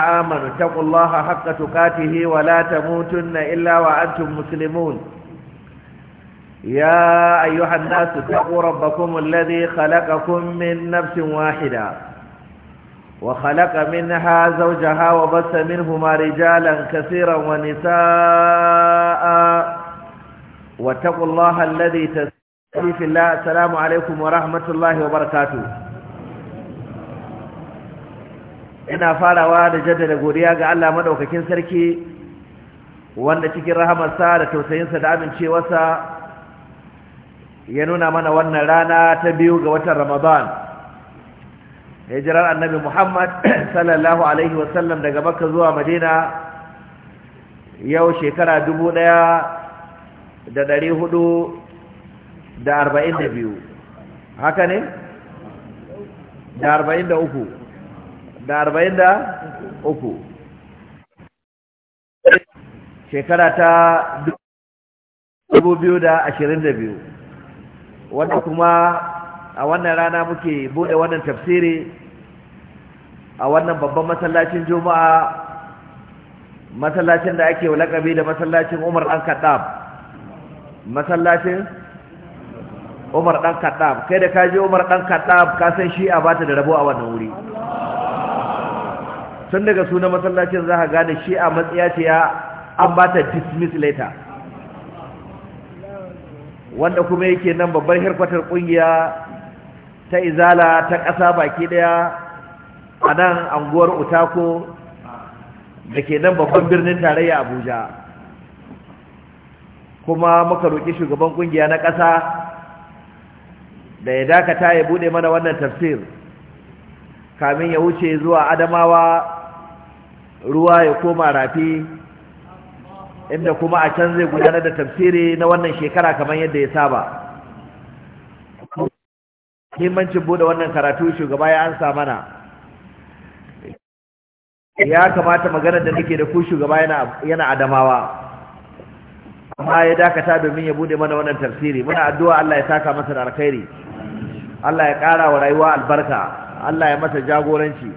آمنوا اتقوا الله حق تقاته ولا تموتن إلا وأنتم مسلمون يا أيها الناس اتقوا ربكم الذي خلقكم من نفس واحدة وخلق منها زوجها وبث منهما رجالا كثيرا ونساء واتقوا الله الذي تسأل في الله السلام عليكم ورحمة الله وبركاته ina farawa da jaddada godiya ga Allah madaukakin sarki wanda cikin rahamarsa da tausayinsa da amincewarsa ya nuna mana wannan rana ta biyu ga watan Ramadan hijirar annabi Muhammad sallallahu alaihi wasallam daga Makka zuwa Madina yau shekara dubu ɗaya da ɗari hudu da arba'in da biyu haka ne? da arba'in da uku da arba'in da uku shekara ta dubu biyu da ashirin da biyu wanda kuma a wannan rana muke bude wannan tafsiri a wannan babban masallacin juma'a masallacin da ake lakabi da masallacin umar ɗan kaɗab masallacin umar ɗan kaɗab kai da kaji umar ɗan kaɗab kasan shi a bata da rabo a wannan wuri tun daga suna masallacin za ka gane shi a matsaya ce ya an ba ta dismiss later wanda kuma yake nan babbar hirkwatar kungiya ta izala ta ƙasa baki daya a nan anguwar utako da ke nan babban birnin tarayya abuja kuma muka roƙi shugaban kungiya na ƙasa da ya dakata ya buɗe mana wannan tafsir kamin ya wuce zuwa adamawa ruwa ya koma rafi inda kuma a can zai gudanar da tafsiri na wannan shekara kamar yadda ya saba himmancin bude wannan karatu shugaba ya ansa mana ya kamata maganar da nake da ku shugaba yana adamawa amma ya dakata domin ya bude mana wannan tafsiri muna addu'a Allah ya saka masa da alkhairi Allah ya ƙara wa rayuwa albarka Allah ya masa jagoranci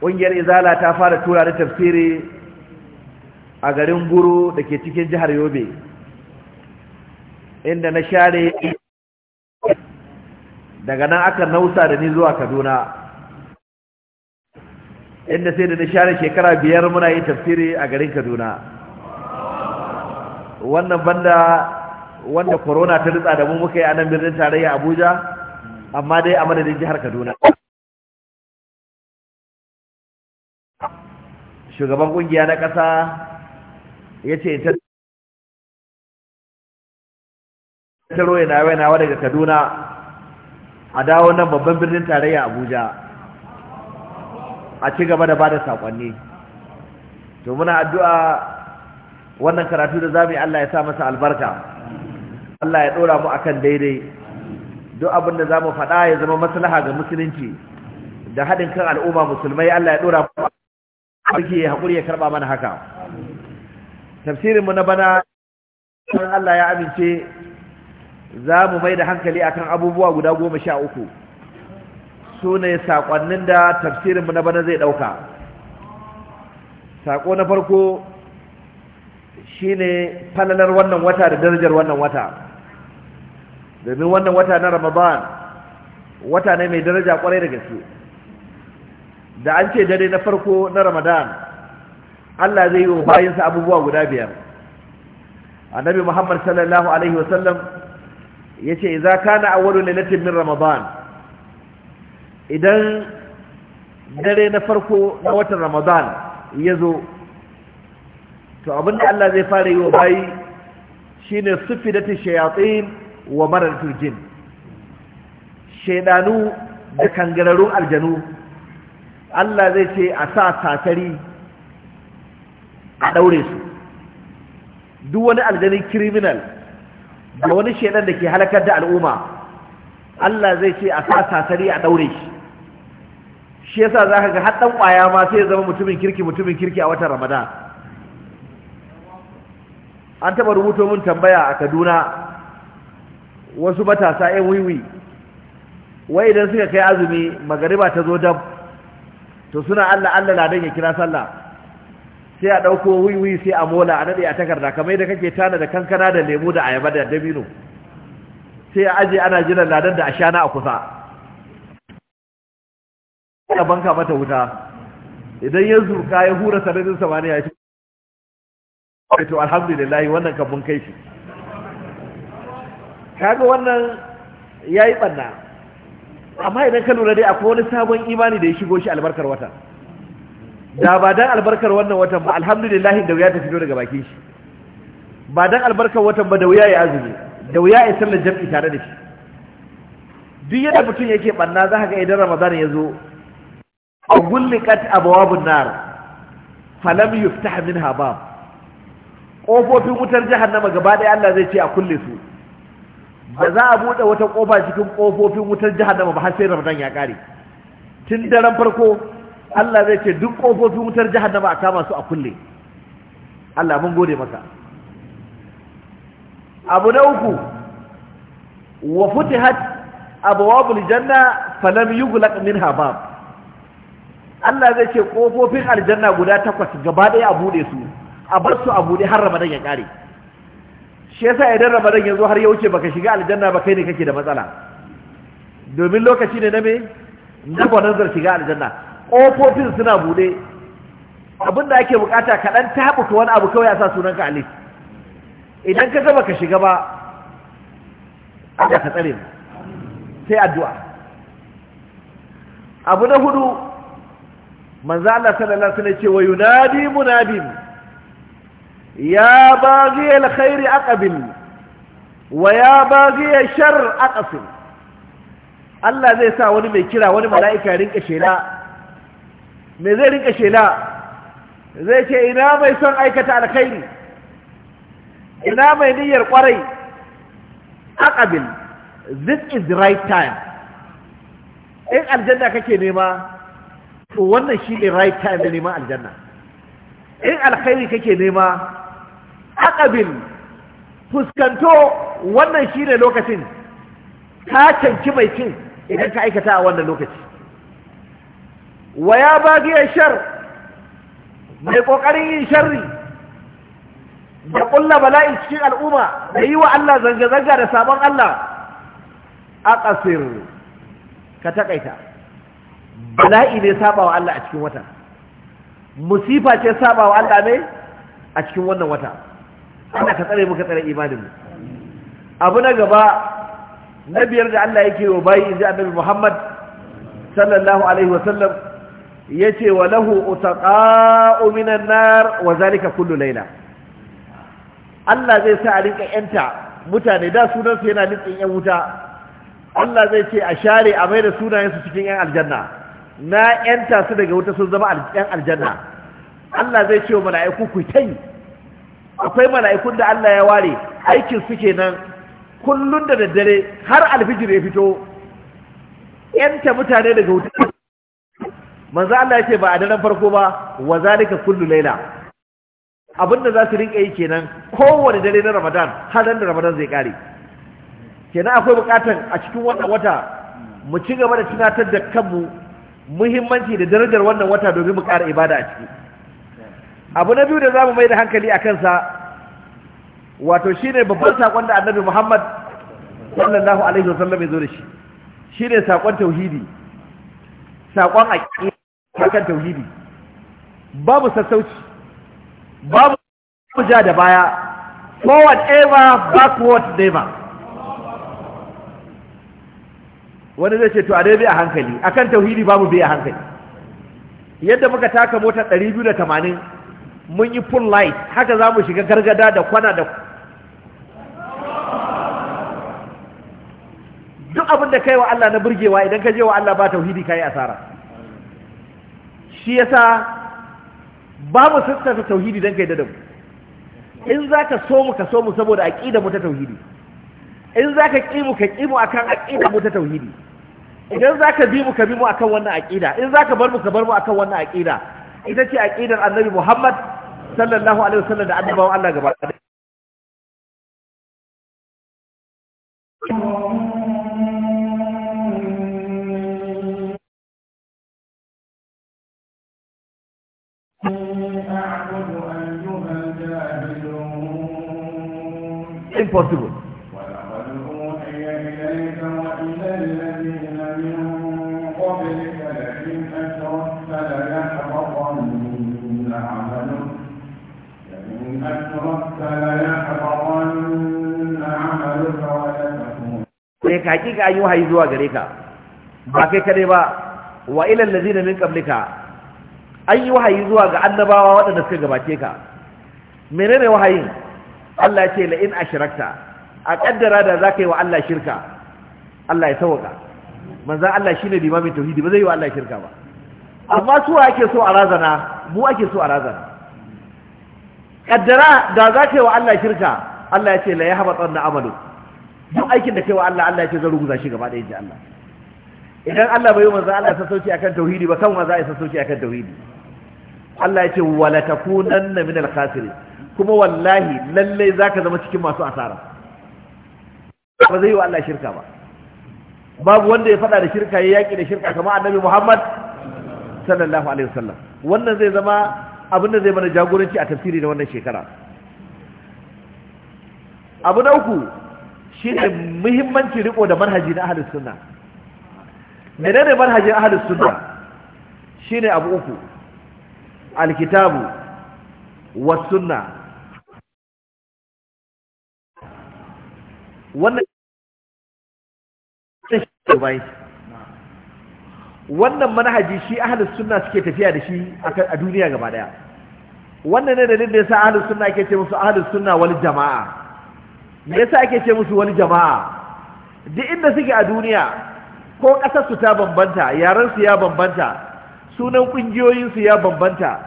ƙungiyar izala ta fara tura da tafsiri a garin guru da ke cikin jihar yobe inda na share daga nan aka nausa da ni zuwa kaduna inda sai da na share shekara biyar muna yi tafsiri a garin kaduna wannan banda wanda corona ta ritsa da mu muka yi a nan birnin tarayya abuja amma dai a madadin jihar kaduna shugaban kungiya na ƙasa ya ce ta taro yana wainawa daga kaduna a dawo nan babban birnin tarayya abuja a ci gaba da ba da saƙonni to muna addu'a wannan karatu da zamu yi Allah ya sa masa albarka Allah ya dora mu akan daidai duk abin da zamu faɗa ya zama maslaha ga musulunci da haɗin kan al'umma musulmai Allah ya dora mu barki ya haƙuri ya karɓa mana haka tafsirinmu na bana ɗan Allah ya amince za mu mai da hankali akan abubuwa guda goma sha uku su ne saƙonnin da tafsirinmu na bana zai ɗauka Sako na farko shine ne falalar wannan wata da darajar wannan wata domin wannan wata na ramadan wata ne mai daraja ƙwarai da gaske da an ce dare na farko na ramadan Allah zai yi wa bayansa abubuwa guda biyar annabi muhammad sallallahu alaihi wasallam ya ce iza kana awwalu lailatin min ramadan idan dare na farko na watan ramadan ya zo to abinda Allah zai fara yi wa bayi shine sufidatu shayatin wa marar turjin. shaydanu da kangararrun aljanu Allah zai ce a sa satari a ɗaure su duk wani aljani kiriminal, da wani shaidan da ke halakar da al'umma Allah zai ce a sa satari a ɗaure shi shi yasa za ka ga haɗɗan ƙwaya ma sai ya zama mutumin kirki mutumin kirki a watan ramadan an taɓa rubuto min tambaya a kaduna wasu matasa 'yan wiwi wai idan suka kai azumi magariba ta zo dab to suna Allah Allah ladan ya kira sallah sai a ɗauko wiwi sai a mola a daɗe a takarda kamar da kake tana da kankana da lemu da ayaba da dabino sai a aje ana jiran ladan da ashana a kusa ya banka mata wuta idan ya zuka ya hura sanadin samaniya ya ce to alhamdulillah wannan kan kai shi kaga wannan yayi banna amma idan ka lura dai akwai wani sabon imani da ya shigo shi albarkar wata da ba dan albarkar wannan watan ba alhamdulillah da wuya ta fito daga bakin shi ba dan albarkar watan ba da wuya ya azumi da wuya ya sallar jam'i tare da shi duk yadda mutum yake banna za ka ga idan ramadan ya zo agullikat abwabun nar falam yuftah minha bab kofofin wutar jahannama gaba ɗaya Allah zai ce a kulle su ba za a buɗe wata ƙofa cikin ƙofofin wutar jahannama ba har sai ramadan ya ƙare tun daren farko Allah zai ce duk ƙofofin wutar jahannama a kama su a kulle Allah mun gode maka abu na uku wa futihat abwabul janna falam yughlaq minha bab Allah zai ce ƙofofin aljanna guda takwas gaba ɗaya a buɗe su a bar su a buɗe har ramadan ya ƙare shi yasa idan ramadan ya zo har ya wuce baka shiga aljanna ba kai ne kake da matsala domin lokaci ne na me na gwananzar shiga aljanna ƙofofin suna buɗe da ake bukata kaɗan taɓuka wani abu kawai a sa ka alif idan ka ba ka shiga ba Allah ka tsare sai addu'a abu na hudu manzo Allah sallallahu alaihi wasallam ce wa yunadi munadin Ya يا باغي الخير أقبل ويا باغي الشر أقفل Allah zai sa wani mai kira wani mala'ika rinka shela me zai rinka shela zai ce ina mai son aikata alkhairi ina mai niyyar kwarai aqabil this is the right time in aljanna kake nema wannan shi ne right time da neman aljanna in alkhairi kake nema abin fuskanto wannan ne lokacin ka canci mai cin idan ka aikata a wannan lokaci wa ya bagiyar shar mai ƙoƙarin yin sharri da ƙulla bala'i cikin al'umma da yi wa Allah zanga-zanga da sabon Allah a ƙasir ka taƙaita bala'i ne saba wa Allah a cikin wata musifa ce saba wa Allah ne a cikin wannan wata Allah ka tsare muka tsare imanin mu abu na gaba na biyar da Allah yake wa bayi zai annabi Muhammad sallallahu alaihi wa sallam yace wa lahu utaqa'u minan nar wa zalika kullu layla Allah zai sa a rinka yanta mutane da sunan su yana nitsin yan wuta Allah zai ce a share a mai da sunayen su cikin yan aljanna na yanta su daga wuta sun zama yan aljanna Allah zai ce wa mala'iku ku tai akwai mala'ikun da Allah ya ware aikin su kenan kullun da daddare har alfijir ya fito yanta mutane daga wuta manzo Allah yake ba a daren farko ba wa zalika kullu laila abinda za su rinka yi kenan kowane dare na Ramadan har da Ramadan zai kare kenan akwai bukatar a cikin wannan wata mu ci gaba da tunatar da kanmu muhimmanci da darajar wannan wata domin mu ƙara ibada a ciki abu na biyu da za mu mai da hankali a kansa wato shi ne babban saƙon da annabi muhammad sallallahu alaihi wasallam ya zo da shi shi ne saƙon tauhidi saƙon aƙi kan tauhidi babu sassauci babu ja da baya forward ever backward never wani zai ce to a dai a hankali akan tauhidi babu bai a hankali yadda muka taka motar 280 mun yi full light haka za mu shiga gargada da kwana da duk abin da kai wa Allah na burgewa idan ka je wa Allah ba tauhidi kai asara shi yasa ba mu ta tauhidi dan kai da dabu in za ka so mu ka so mu saboda aqida mu ta tauhidi in ka ƙi mu ka ƙi mu akan aqida mu ta tauhidi idan za ka bi mu ka bi mu akan wannan aqida in za ka bar mu ka bar mu akan wannan aqida ita ce aqidar Annabi Muhammad صلى الله عليه وسلم دعا الله وعلا قبل الله عليه Impossible. ka hakika an yi wahayi zuwa gare ka ba kai kadai ba wa ilal ladina min qablika an yi wahayi zuwa ga annabawa waɗanda suka gabace ka menene wahayin Allah ya ce la in ashrakta a kaddara da zaka yi wa Allah shirka Allah ya sauka manzon Allah shine limamin tauhidi ba zai yi wa Allah shirka ba amma su ake so a razana mu ake so a razana kaddara da zaka yi wa Allah shirka Allah ya ce la yahbatanna amalu duk aikin da kaiwa wa Allah Allah ya ce zan ruguza shi gaba ɗaya ji Allah idan Allah bai yi manzo Allah ya sauki akan tauhidi ba kan manzo ya sauki akan tauhidi Allah ya ce wala takunanna min al-khasirin kuma wallahi lalle zaka zama cikin masu asara ba zai yi wa Allah shirka ba babu wanda ya fada da shirka ya yaki da shirka kamar annabi Muhammad sallallahu alaihi wasallam wannan zai zama abin da zai mana jagoranci a tafsiri da wannan shekara abu na uku shi ne muhimmanci riko da manhaji na ahalus sunna menene marhajin ahalus suna shi ne abu uku alkitabu wa suna. wannan wannan manhaji shi ahalus suna suke tafiya da shi a duniya gaba daya wannan ne da da sa ahalus suna ke ce musu ahalus suna wani jama'a me yasa ake ce musu wani jama'a duk inda suke a duniya ko ƙasarsu ta bambanta yarensu ya bambanta sunan ƙungiyoyinsu ya bambanta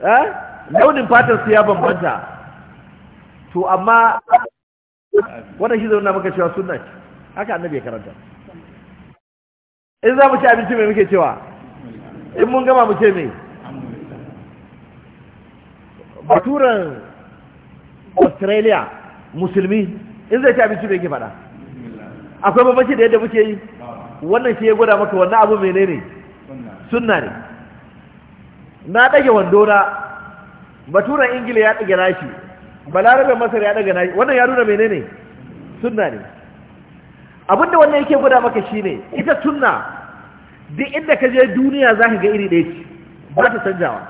eh? launin su ya bambanta to amma wanda shi zauna maka cewa sunna haka annabi ya karanta in za mu ci abinci mai muke cewa in mun gama mu ce mai baturan australia musulmi in zai ci abinci bai ke faɗa akwai bambanci da yadda muke yi wannan shi ya gwada maka wannan abu menene sunna ne na ɗage wando na batura ingila ya ɗage nashi balarabe masar ya ɗage nashi wannan ya nuna menene sunna ne abinda wannan yake gwada maka shi ne, ita sunna duk inda ka je duniya za ka ga iri ɗaya ce ba ta canjawa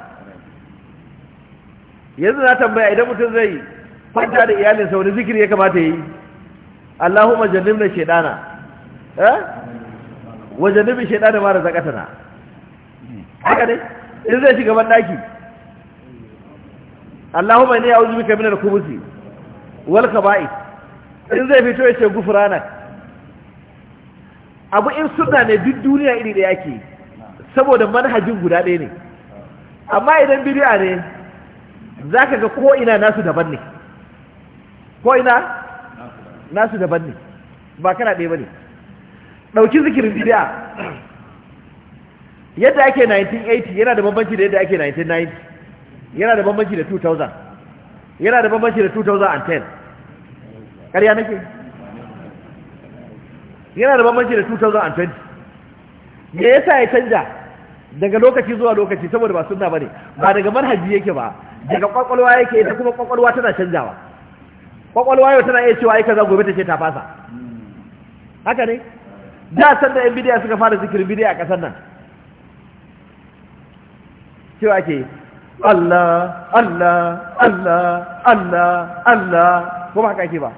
yanzu na tambaya idan mutum zai kwanta da iyalinsa wani zikiri ya kamata yi Allahumma jannibna na shaidana eh? wa jannibi shaydana ma razaqatana haka ne in zai shiga ban daki Allahumma ne ya bika min al kumusi. wal khaba'ith in zai fito ya ce gufuranak. abu in suna ne duk duniya iri da yake saboda manhajin guda ɗaya ne amma idan bid'a ne Za ka ga ko ina nasu daban ne ko ina nasu daban ne ba kana ɗaya ba ne ɗauki zikirin bidiya yadda ake 1980 yana da bambanci da yadda ake 1990 yana da bambanci da 2000 yana da bambanci da 2010 ƙarya nake yana da bambanci da 2020 me yasa ya canja daga lokaci zuwa lokaci saboda ba suna ba ne ba daga manhaji yake ba daga kwakwalwa yake ita kuma kwakwalwa tana canjawa kwakwalwa yau tana iya cewa ai kaza gobe ta ce ta fasa haka ne da san da yan bidiya suka fara zikirin bidiya a kasar nan cewa ke Allah Allah Allah Allah Allah ko ba haka ke ba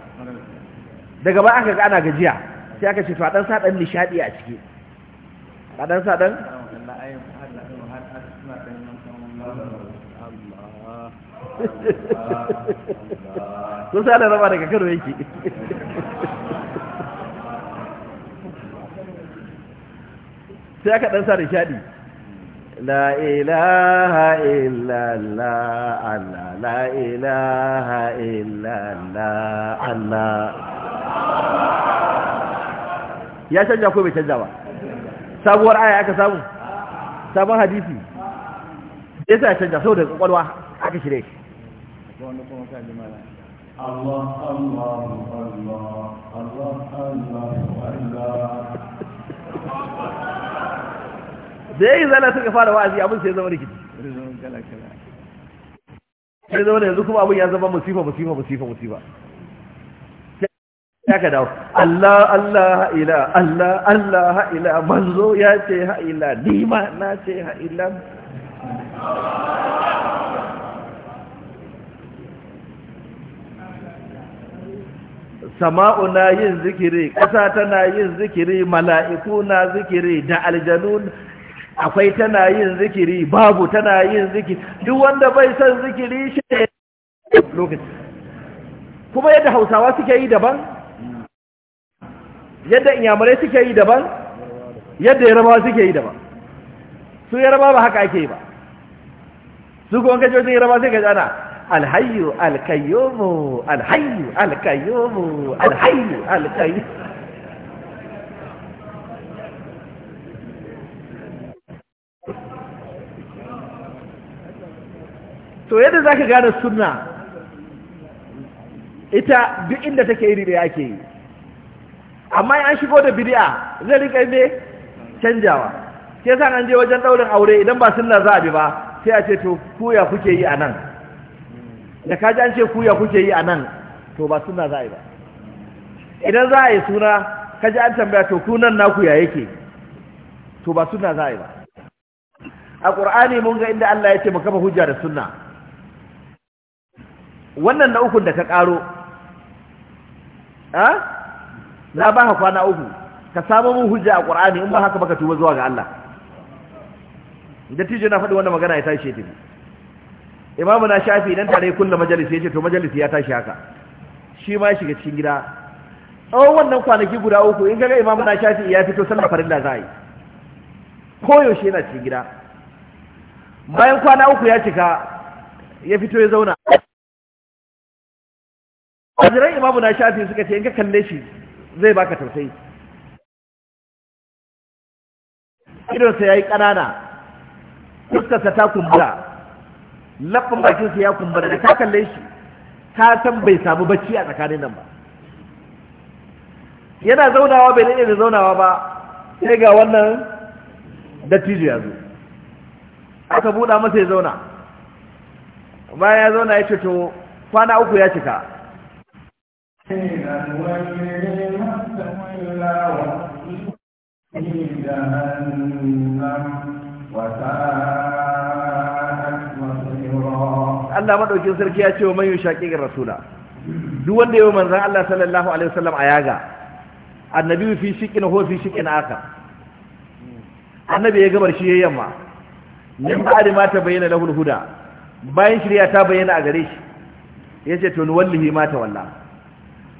daga ba aka ga ana gajiya sai aka ce to a dan sa nishadi a ciki a dan sa sun sa raba daga karo yake sai aka ɗansa da shaɗi la ilaha illallah Allah la ilaha illallah Allah ya canja ko bai canja ba sabuwar aya aka samu sabon hadisi ya sa canja saboda kwakwalwa aka shirya. shi wanda kuma ka ji mana Allah Allah Allah Allah Allah Allah da yayi zala suka fara wa'azi abin sai zama rikici sai zama yanzu kuma abin ya zama musifa musifa musifa musifa ya ka dawo Allah Allah Ha'ila Allah Allah ila manzo ya ce Ha'ila, nima na ce Ha'ila. sama'u na yin zikiri ƙasa tana yin zikiri mala'iku na zikiri da aljanu akwai tana yin zikiri babu tana yin zikiri duk wanda bai son zikiri shi ne lokaci kuma yadda hausawa suke yi daban yadda inyamurai suke yi daban yadda yarabawa suke yi daban su yarabawa ba haka ake yi ba su kuma kajojin yarabawa sai ka jana alhayu alkayomu alhayu alkayomu alhayu alkayomu to yadda za ka gane suna ita duk inda take iri da yake yi amma an shigo da bidiya zai rika ne canjawa ke san an je wajen daurin aure idan ba sunna za a bi ba sai a ce to ku ya kuke yi a nan da kaji an ce kuya kuke yi a nan to ba suna za a yi ba idan za a yi suna kaji an tambaya to kunan naku ya yake to ba suna za a yi ba a ƙur'ani mun ga inda Allah ya ce mu kafa hujja da sunna wannan na ukun da ka ƙaro ah, na ba ka kwana uku ka samu mun hujja a ƙur'ani in ba haka baka tuba zuwa ga Allah da tijo na faɗi wannan magana ya tashi ya tafi imamu na shafi idan tare kulla majalisi ya ce to majalisi ya tashi haka shi ma shiga cikin gida tsawon wannan kwanaki guda uku in gaga imamu na shafi ya fito sallar farilla za a yi koyaushe yana cikin gida bayan kwana uku ya cika ya fito ya zauna aziran imamu na shafi suka ce in ka kalle shi zai baka tausayi idonsa ya yi ƙanana fuskarsa ta kumbura laffin bakin sa ya kumbura da ta kalle shi ta san bai samu bacci a tsakanin nan ba yana zaunawa bai daɗe da zaunawa ba sai ga wannan dattijo ya zo aka buɗa masa ya zauna bayan ya zauna ya ce to kwana uku ya cika وساءت Allah madaukin sarki ya ce wa man yushaqiqir rasula duk wanda yayi manzon Allah sallallahu alaihi wasallam ayaga annabi fi shiqin ho fi shiqin aka annabi ya gabar shi yayin ma nan ba da mata bayyana lahul huda bayan shirya ta bayyana a gare shi yace to ni wallahi mata walla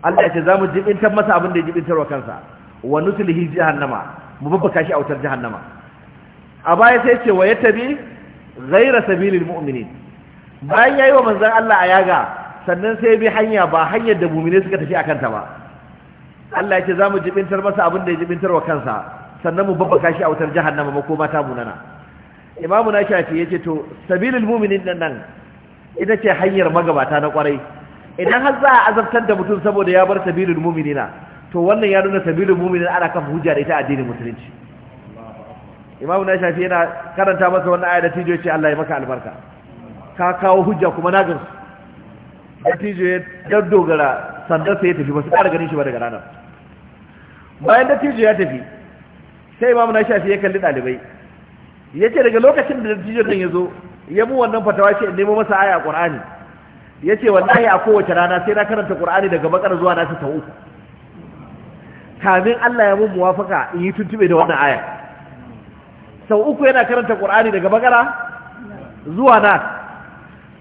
Allah ya ce zamu jibintar masa abin da ya jibintar wa kansa wa nutlihi jahannama mu babbaka shi a wutar jahannama a baya sai ce wa yattabi ghayra sabilil mu'minin bayan ya yi wa manzan Allah a yaga sannan sai bi hanya ba hanyar da mumine suka tafi a kanta ba Allah ya ce za mu jibintar masa abin da ya jibintar wa kansa sannan mu babbaka shi a wutar jahannama mata mu nana imamu na shafi ya ce to sabilin muminin nan nan ita ce hanyar magabata na kwarai idan har za a azabtar da mutum saboda ya bar sabilin muminina to wannan ya nuna sabilin muminin ana kan hujja da ita addinin musulunci imamu na shafi yana karanta masa wannan ayar da tijo ce Allah ya maka albarka ka kawo hujja kuma na gan gansu tijo ya dogara sandar sai ya tafi ba su ƙara ganin shi ba daga ranar bayan dattijo ya tafi sai imamu na shafi ya kalli ɗalibai ya ce daga lokacin da dattijo nan ya zo ya mu wannan fatawa ce in nemo masa aya a ƙur'ani ya ce wallahi a kowace rana sai na karanta ƙur'ani daga bakar zuwa na sau uku kamin Allah ya mun muwafaka in yi tuntube da wannan aya sau uku yana karanta ƙur'ani daga bakara zuwa na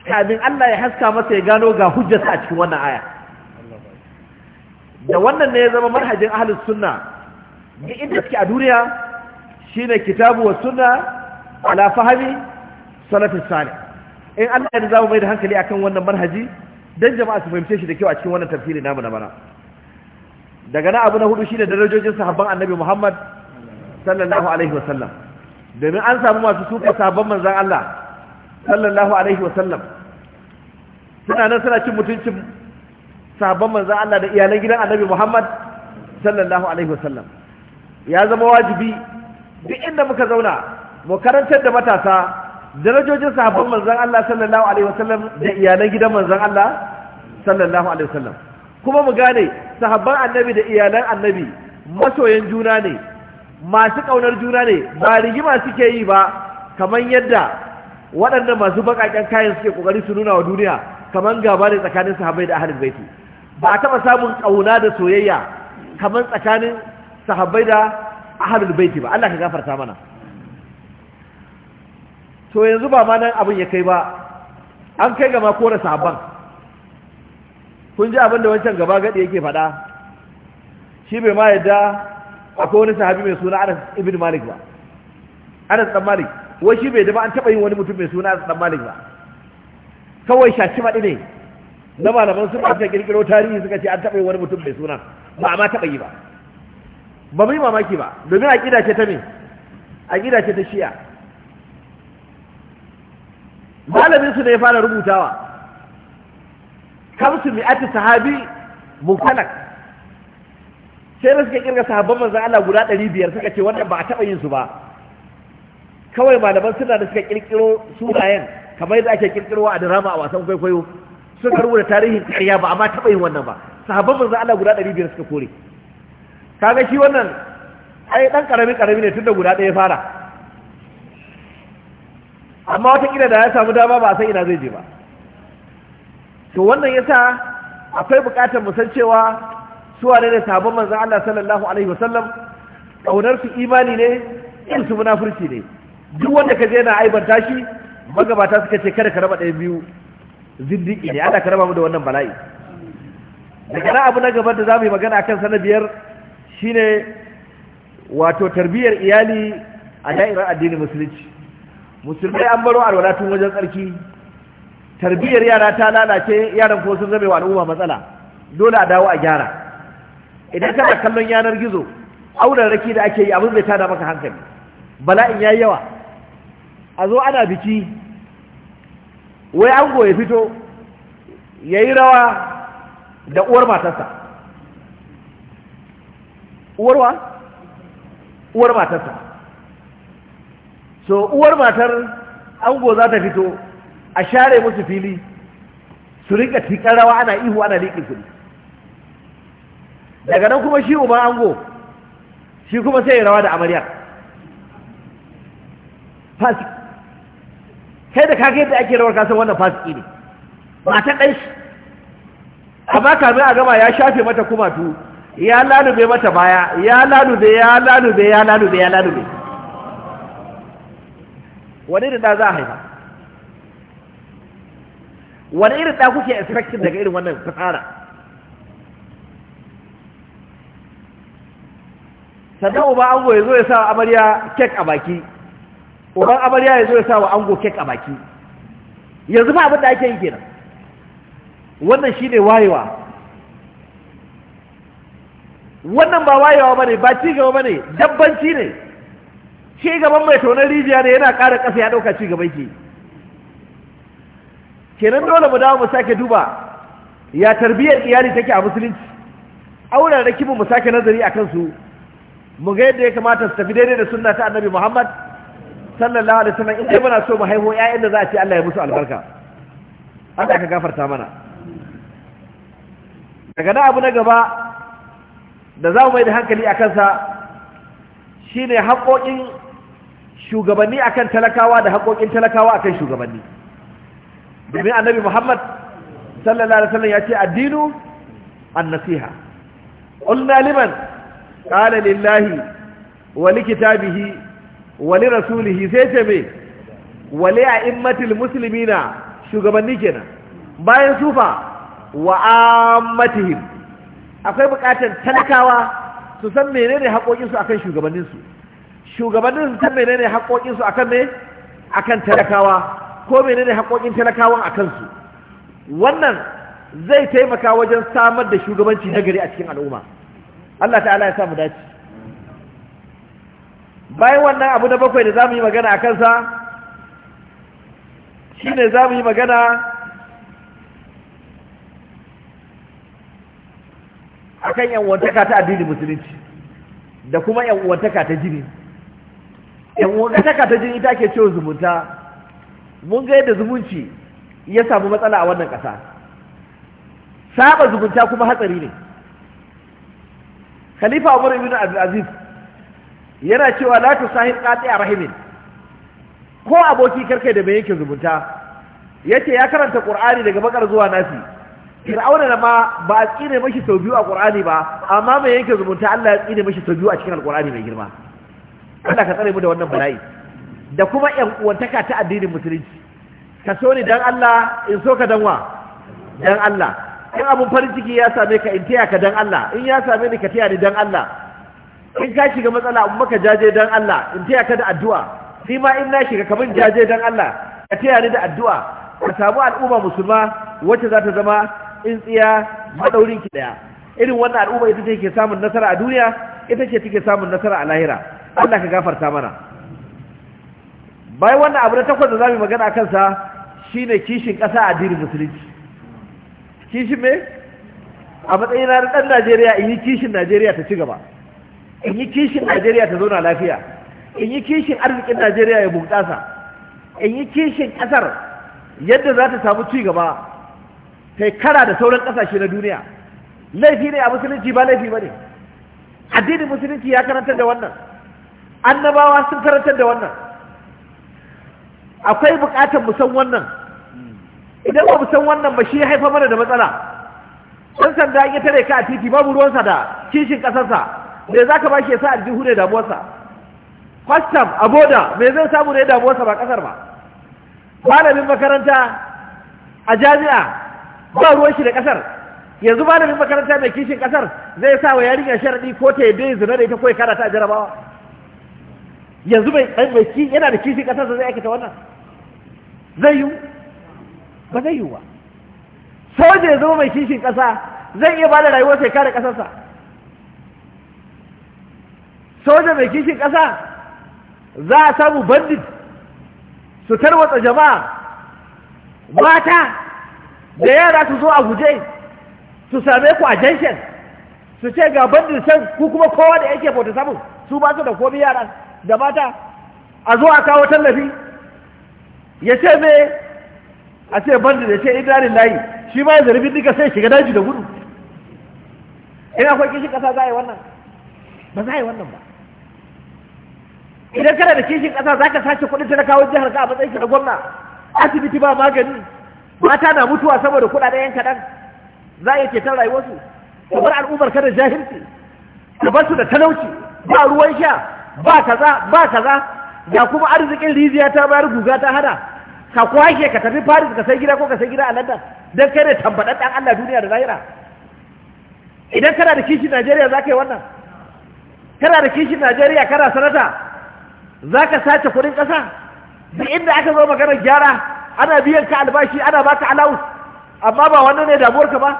kamin Allah ya haska masa ya gano ga hujjata a cikin wannan aya da wannan ne ya zama manhajin ahalin sunna duk inda suke a duniya shine kitabu wa sunna ala fahmi salafus sani in Allah ya zama mai da hankali akan wannan manhaji dan jama'a su fahimce shi da kyau a cikin wannan tafsiri namu na bana daga na abu na hudu shine darajojin sahabban annabi Muhammad sallallahu alaihi wasallam domin an samu masu suka sabon manzon Allah sallallahu alaihi wasallam suna nan suna cin mutuncin sahabban manzan Allah da iyalan gidan annabi Muhammad sallallahu alaihi wasallam ya zama wajibi duk inda muka zauna mu karantar da matasa darajojin sahabban manzan Allah sallallahu alaihi wasallam da iyalan gidan manzan Allah sallallahu alaihi wasallam kuma mu gane sahabban annabi da iyalan annabi masoyan juna ne masu kaunar juna ne ba rigima suke yi ba kamar yadda waɗanda masu baƙaƙen kayan suke ƙoƙari su nuna wa duniya kamar gaba ne tsakanin sahabbai da ahalin baiti ba a taɓa samun ƙauna da soyayya kamar tsakanin sahabbai da ahalin baiti ba Allah ka gafarta mana to yanzu ba ma nan abin ya kai ba an kai gama kore sahabban kun ji abin da wancan gaba gaɗi yake faɗa shi bai ma yadda akwai wani sahabi mai suna anas ibn malik ba anas ɗan malik wai shi bai dama an taɓa yin wani mutum mai suna dan malik ba kawai shashi maɗi ne na malaman sun ba ta kirkiro tarihi suka ce an taɓa yin wani mutum mai suna ba a ma taɓa yi ba ba mu yi mamaki ba domin aƙida ce ta me aƙida ce ta shiya malamin su ne ya fara rubutawa su mi'ati sahabi mukalak sai da suka kirga sahabban manzan Allah guda ɗari biyar suka ce wannan ba a taɓa yin su ba kawai malaman suna da suka kirkiro sunayen kamar yadda ake kirkiro a drama a wasan kwaikwayo suka rubuta tarihin ƙarya ba amma taɓa yin wannan ba sahabban manzo Allah guda 500 suka kore kaga shi wannan ai dan karami karami ne tunda guda ɗaya fara amma wata kila da ya samu dama ba san ina zai je ba to wannan yasa akwai buƙatar mu san cewa su wane ne sahabban manzo Allah sallallahu alaihi wasallam kaunar su imani ne in su munafurci ne duk wanda ka je na aibanta shi magabata suka ce kada ka raba ɗaya biyu zindiki ne ana ka raba mu da wannan bala'i daga nan abu na gaban da za mu yi magana akan sana biyar shine wato tarbiyyar iyali a da'irar addinin musulunci musulmai an baro alwala tun wajen tsarki tarbiyyar yara ta lalace yaran ko sun zame wa al'umma matsala dole a dawo a gyara idan kana kallon yanar gizo auren raki da ake yi abin bai tada maka hankali bala'in ya yi yawa a zo ana biki wai ango ya fito ya yi rawa da uwar matarsa uwarwa? uwar matarsa so uwar matar ango za ta fito a share musu fili su rika tikar rawa ana ihu ana liƙin kuɗi daga nan kuma shi uba ango shi kuma sai ya rawa da amaryar kai da kaga yadda ake rawar kasan wannan fasiki ne mata ɗan shi amma kamin a gama ya shafe mata kumatu ya lalube mata baya ya lalube ya lalube ya lalube ya lalube wani irin da za a haifa wani irin da kuke expecting daga irin wannan fasara sannan uba an goye zo ya sa amarya kek a baki uban amarya ya zo ya sa wa ango kek a baki yanzu ba abin da ake yi kenan wannan shi ne wayewa wannan ba wayewa ba ne ba ci ba ne dabbanci ne ci gaban mai tonar rijiya ne yana ƙara ƙasa ya ɗauka ci gaban ke kenan dole mu dawo mu sake duba ya tarbiyyar iyali take a musulunci auren rakibin mu sake nazari a kansu mu ga yadda ya kamata su tafi daidai da sunna ta annabi muhammad sallallahu alaihi wasallam in dai muna so mu haihu ƴaƴan da za a ce Allah ya musu albarka Allah ka gafarta mana daga da abu na gaba da za mu mai da hankali a kansa shine haƙoƙin shugabanni akan talakawa da haƙoƙin talakawa kan shugabanni domin annabi Muhammad sallallahu alaihi wasallam ya ce addinu an-nasiha liman qala lillahi wa likitabihi wali rasulihi sai ce me wali a immatil muslimina shugabanni kenan bayan sufa wa ammatihim akwai bukatar talakawa su san menene haƙoƙinsu akan shugabanninsu shugabannin su san menene haƙoƙinsu akan me akan talakawa ko menene haƙoƙin talakawan akan su wannan zai taimaka wajen samar da shugabanci nagari a cikin al'umma Allah ta'ala ya samu dace bayan wannan abu na bakwai da za mu yi magana a kansa shi ne za mu yi magana a kan yanwantaka ta addini musulunci da kuma yanwantaka ta jini yanwantaka ta jini ta ke ciwon zumunta mun ga yadda zumunci ya samu matsala a wannan ƙasa saba zumunta kuma hatsari ne khalifa umar ibn abdul aziz yana cewa la tusahib a rahimin ko aboki karkai da mai yanke zumunta yace ya karanta qur'ani daga bakar zuwa nasi fir'auna da ma ba a tsine mashi sau biyu a qur'ani ba amma mai yanke zumunta Allah ya tsine mashi sau biyu a cikin alqur'ani mai girma Allah ka tsare mu da wannan bala'i da kuma yan uwantaka ta addinin musulunci ka so ni dan Allah in so ka danwa. dan Allah in abun farin ciki ya same ka in taya ka dan Allah in ya same ni ka taya ni dan Allah in ka shiga matsala in maka jaje dan Allah in taya ka da addu'a sai ma in na shiga kamar jaje dan Allah ka taya ni da addu'a ka samu al'umma musulma wacce za ta zama tsiya maɗaurin ki ɗaya. irin wannan al'umma ita ce ke samun nasara a duniya ita ce take samun nasara a lahira Allah ka gafarta mana bayan wannan abu na takwas da za mu magana a kansa, shi ne kishin ƙasa a addinin musulunci kishin me a matsayin na ɗan Najeriya in yi kishin Najeriya ta ci gaba in yi kishin najeriya ta zauna lafiya in yi kishin arzikin najeriya ya bunƙasa in yi kishin ƙasar yadda za ta samu ci gaba ta kara da sauran ƙasashe na duniya laifi ne a musulunci ba laifi ba ne addinin musulunci ya karantar da wannan annabawa sun karantar da wannan akwai buƙatar mu san wannan idan ba mu san wannan ba shi ya haifa mana da matsala ɗan sanda ya tare ka a titi babu ruwansa da kishin ƙasarsa me za ka ba shi ya sa aljihu ne damuwarsa kwastam a boda me zai samu ne damuwarsa ba ƙasar ba malamin makaranta a jami'a ba ruwan shi da ƙasar yanzu malamin makaranta mai kishin ƙasar zai sa wa yarinya sharaɗi ko ta yadda ya zina da ita ko ya karata a jarabawa yanzu mai yana da kishin kasar zai aikata wannan zai yiwu ba zai yiwu ba soja ya zama mai kishin ƙasa zai iya ba da rayuwar sai kare ƙasarsa soja mai kishin ƙasa za a samu bandit su tarwatsa jama'a mata da yara su zo a guje su same ku a jenshen su ce ga bandit can ku kuma kowa da yake bauta samun su ba su da komi yara da mata a zo a kawo tallafi ya ce me a ce bandit ya ce idanin layi shi ma ya zarafi, duka sai shiga daji da gudu ina kwaki shi kasa za a yi wannan ba za a yi wannan ba idan kana da kishin ƙasa za ka sace kuɗin talakawar jihar ka a matsayin na gwamna asibiti ba magani mata na mutuwa saboda kuɗaɗen yan kaɗan za a iya ceton rayuwarsu ka bar al'ummar ka da jahilci ka bar su da talauci ba ruwan sha ba kaza ba kaza ga kuma arzikin rijiya ta bayar guga ta hana ka kwashe ka tafi paris ka sai gida ko ka sai gida a london don kai ne tambaɗar ɗan allah duniya da zahira idan kana da kishin najeriya za ka yi wannan kana da kishin najeriya kana sanata za ka sace kuɗin ƙasa da inda aka zo maganar gyara ana biyan ka albashi ana baka alawus amma ba wannan ne damuwarka ba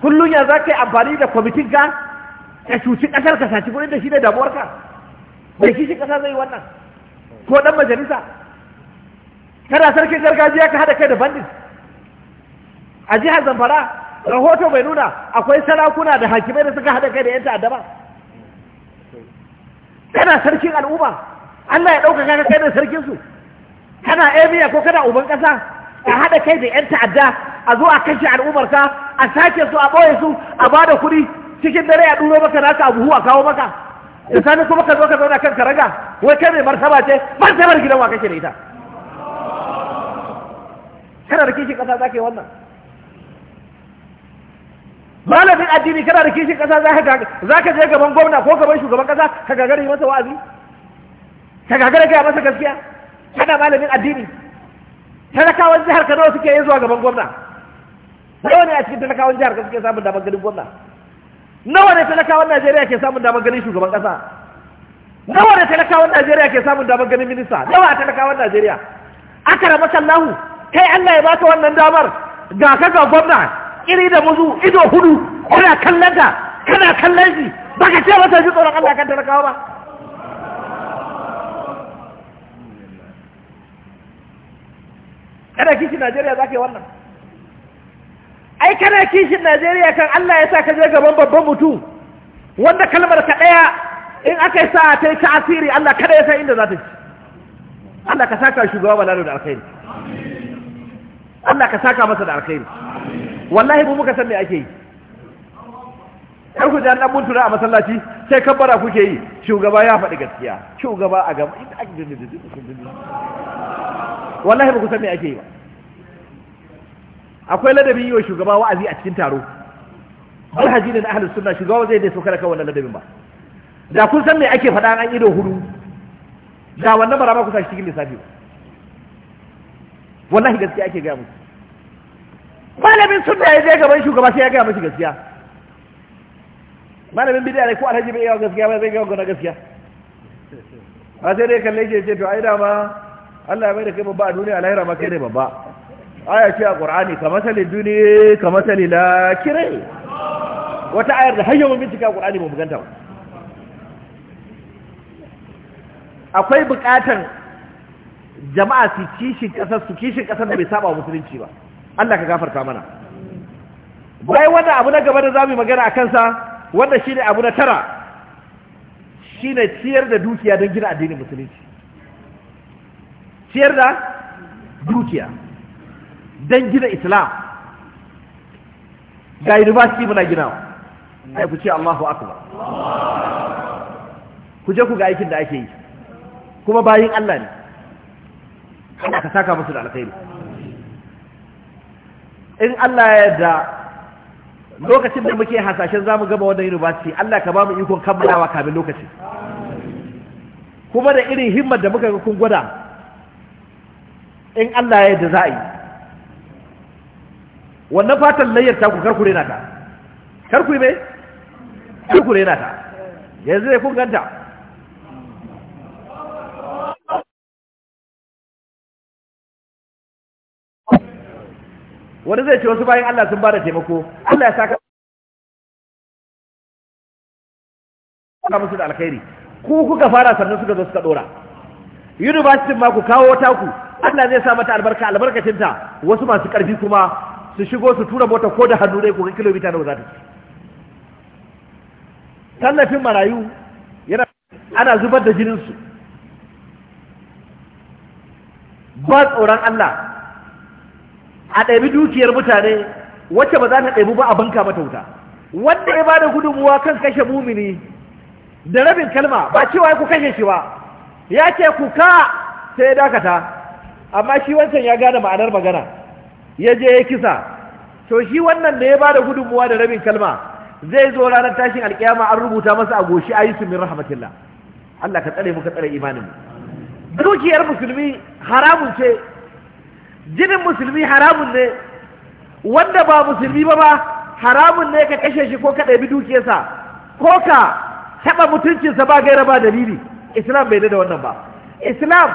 kullum ya za ka yi amfani da kwamitin ka ka cuci ƙasar ka sace kudin da shi ne damuwarka mai kishi ƙasa zai wannan ko ɗan majalisa kana sarkin gargajiya ka haɗa kai da bandit a jihar zamfara rahoto bai nuna akwai sarakuna da hakimai da suka haɗa kai da 'yan ta'adda ba kana sarkin al'umma Allah ya ɗaukaka ka kai da sarkin su kana emiya ko kana uban ƙasa a haɗa kai da yan ta'adda a zo a kashe al'ummar ka a sake su a ɓoye su a ba da kuɗi cikin dare a ɗuro maka naka a buhu a kawo maka da sani kuma ka zo ka zauna kan karaga wai kai mai martaba ce martabar gidan wa kake da ita kana da kishin ƙasa zaka yi wannan malamin addini kana da kishin ƙasa zaka je gaban gwamna ko gaban shugaban ƙasa ka gagari masa wa'azi Ka gagara gaya masa gaskiya kana malamin addini talakawan jihar Kano suke yin zuwa gaban gwamna nawa ne a cikin talakawan jihar Kano suke samun damar ganin gwamna nawa ne talakawan Najeriya ke samun damar ganin shugaban kasa nawa ne talakawan Najeriya ke samun damar ganin minista nawa a talakawan Najeriya akara masallahu kai Allah ya baka wannan damar ga ka ga gwamna iri da muzu ido hudu kana kallon kana kallon shi baka ce masa ji tsoron Allah kan talakawa ba kana kishin Najeriya za yi wannan ai kana kishin Najeriya kan Allah ya sa ka je gaban babban mutum wanda kalmar ka ɗaya in aka yi sa ta yi tasiri Allah kada ya san inda za ta ci Allah ka saka shugaba Balalo da alkhairi Allah ka saka masa da alkhairi wallahi mu muka san me ake yi ku da nan mun tura a masallaci sai kabbara kuke yi shugaba ya faɗi gaskiya shugaba a gaba wallahi ba ku san me ake yi ba akwai ladabi yi wa shugaba wa'azi a cikin taro alhaji ne na ahlus sunna shugaba zai dai sokar da wannan ladabin ba da kun san me ake faɗa an ido hudu da wannan bara ba ku sa cikin lissafi ba wallahi gaskiya ake gaya musu malamin sunna ya je gaban shugaba sai ya gaya mashi gaskiya malamin bidiya ne ko alhaji bai yawa gaskiya ba zai gaya gona gaskiya ba sai dai kalle ke ce to ai dama Allah ya mai da kai babba a duniya lahira ma kai ne babba aya ce a ƙur'ani ka masali duniya ka masali kire wata ayar da hanyar min bincika a ƙur'ani ba mu ganta akwai buƙatar jama'a su kishin ƙasar su kishi ƙasar da bai saba musulunci ba Allah ka gafarta mana bai wannan abu na gaba da zamu magana a kansa wanda shine abu na tara shine ciyar da dukiya don gina addinin musulunci siyar da dukiya don gina islam ga university muna ginawa ai ku ce Allahu akbar ku je ku ga aikin da ake yi kuma bayin Allah ne ana ka saka musu da alkhairi in Allah ya yarda lokacin da muke hasashen zamu gaba wannan university Allah ka ba mu ikon kammalawa kamin lokaci kuma da irin himmar da muka ga kun gwada in Allah ya yi da za a yi wannan fatan layyar ta ku kar ku ta kar ku me kar ku ta yanzu ne kun ganta wani zai ce wasu bayan Allah sun ba da taimako Allah ya saka ka musu da alkhairi ku kuka fara sannan suka zo suka dora university ma ku kawo ku. Allah zai sa mata albarka albarkacinta wasu masu ƙarfi kuma su shigo su tura mota ko da hannu dai ko kilomita nawa za ta ci tallafin marayu yana ana zubar da jinin su. ba tsoron Allah a ɗabi dukiyar mutane wacce ba za ta ɗabi ba a banka mata wuta wanda ya bada gudunmuwa kan kashe mumini da rabin kalma ba cewa ku kashe shi ba ya ce ku ka sai ya dakata amma shi wancan ya gane ma'anar magana ya je ya kisa to shi wannan da ya ba da gudunmuwa da rabin kalma zai zo ranar tashin alkiyama an rubuta masa a goshi a yi su min rahmatullah Allah ka tsare muka tsare imanin dukiyar musulmi haramun ce jinin musulmi haramun ne wanda ba musulmi ba ba haramun ne ka kashe shi ko ka ɗabi dukiyarsa ko ka taɓa mutuncinsa ba gaira ba dalili islam bai da wannan ba islam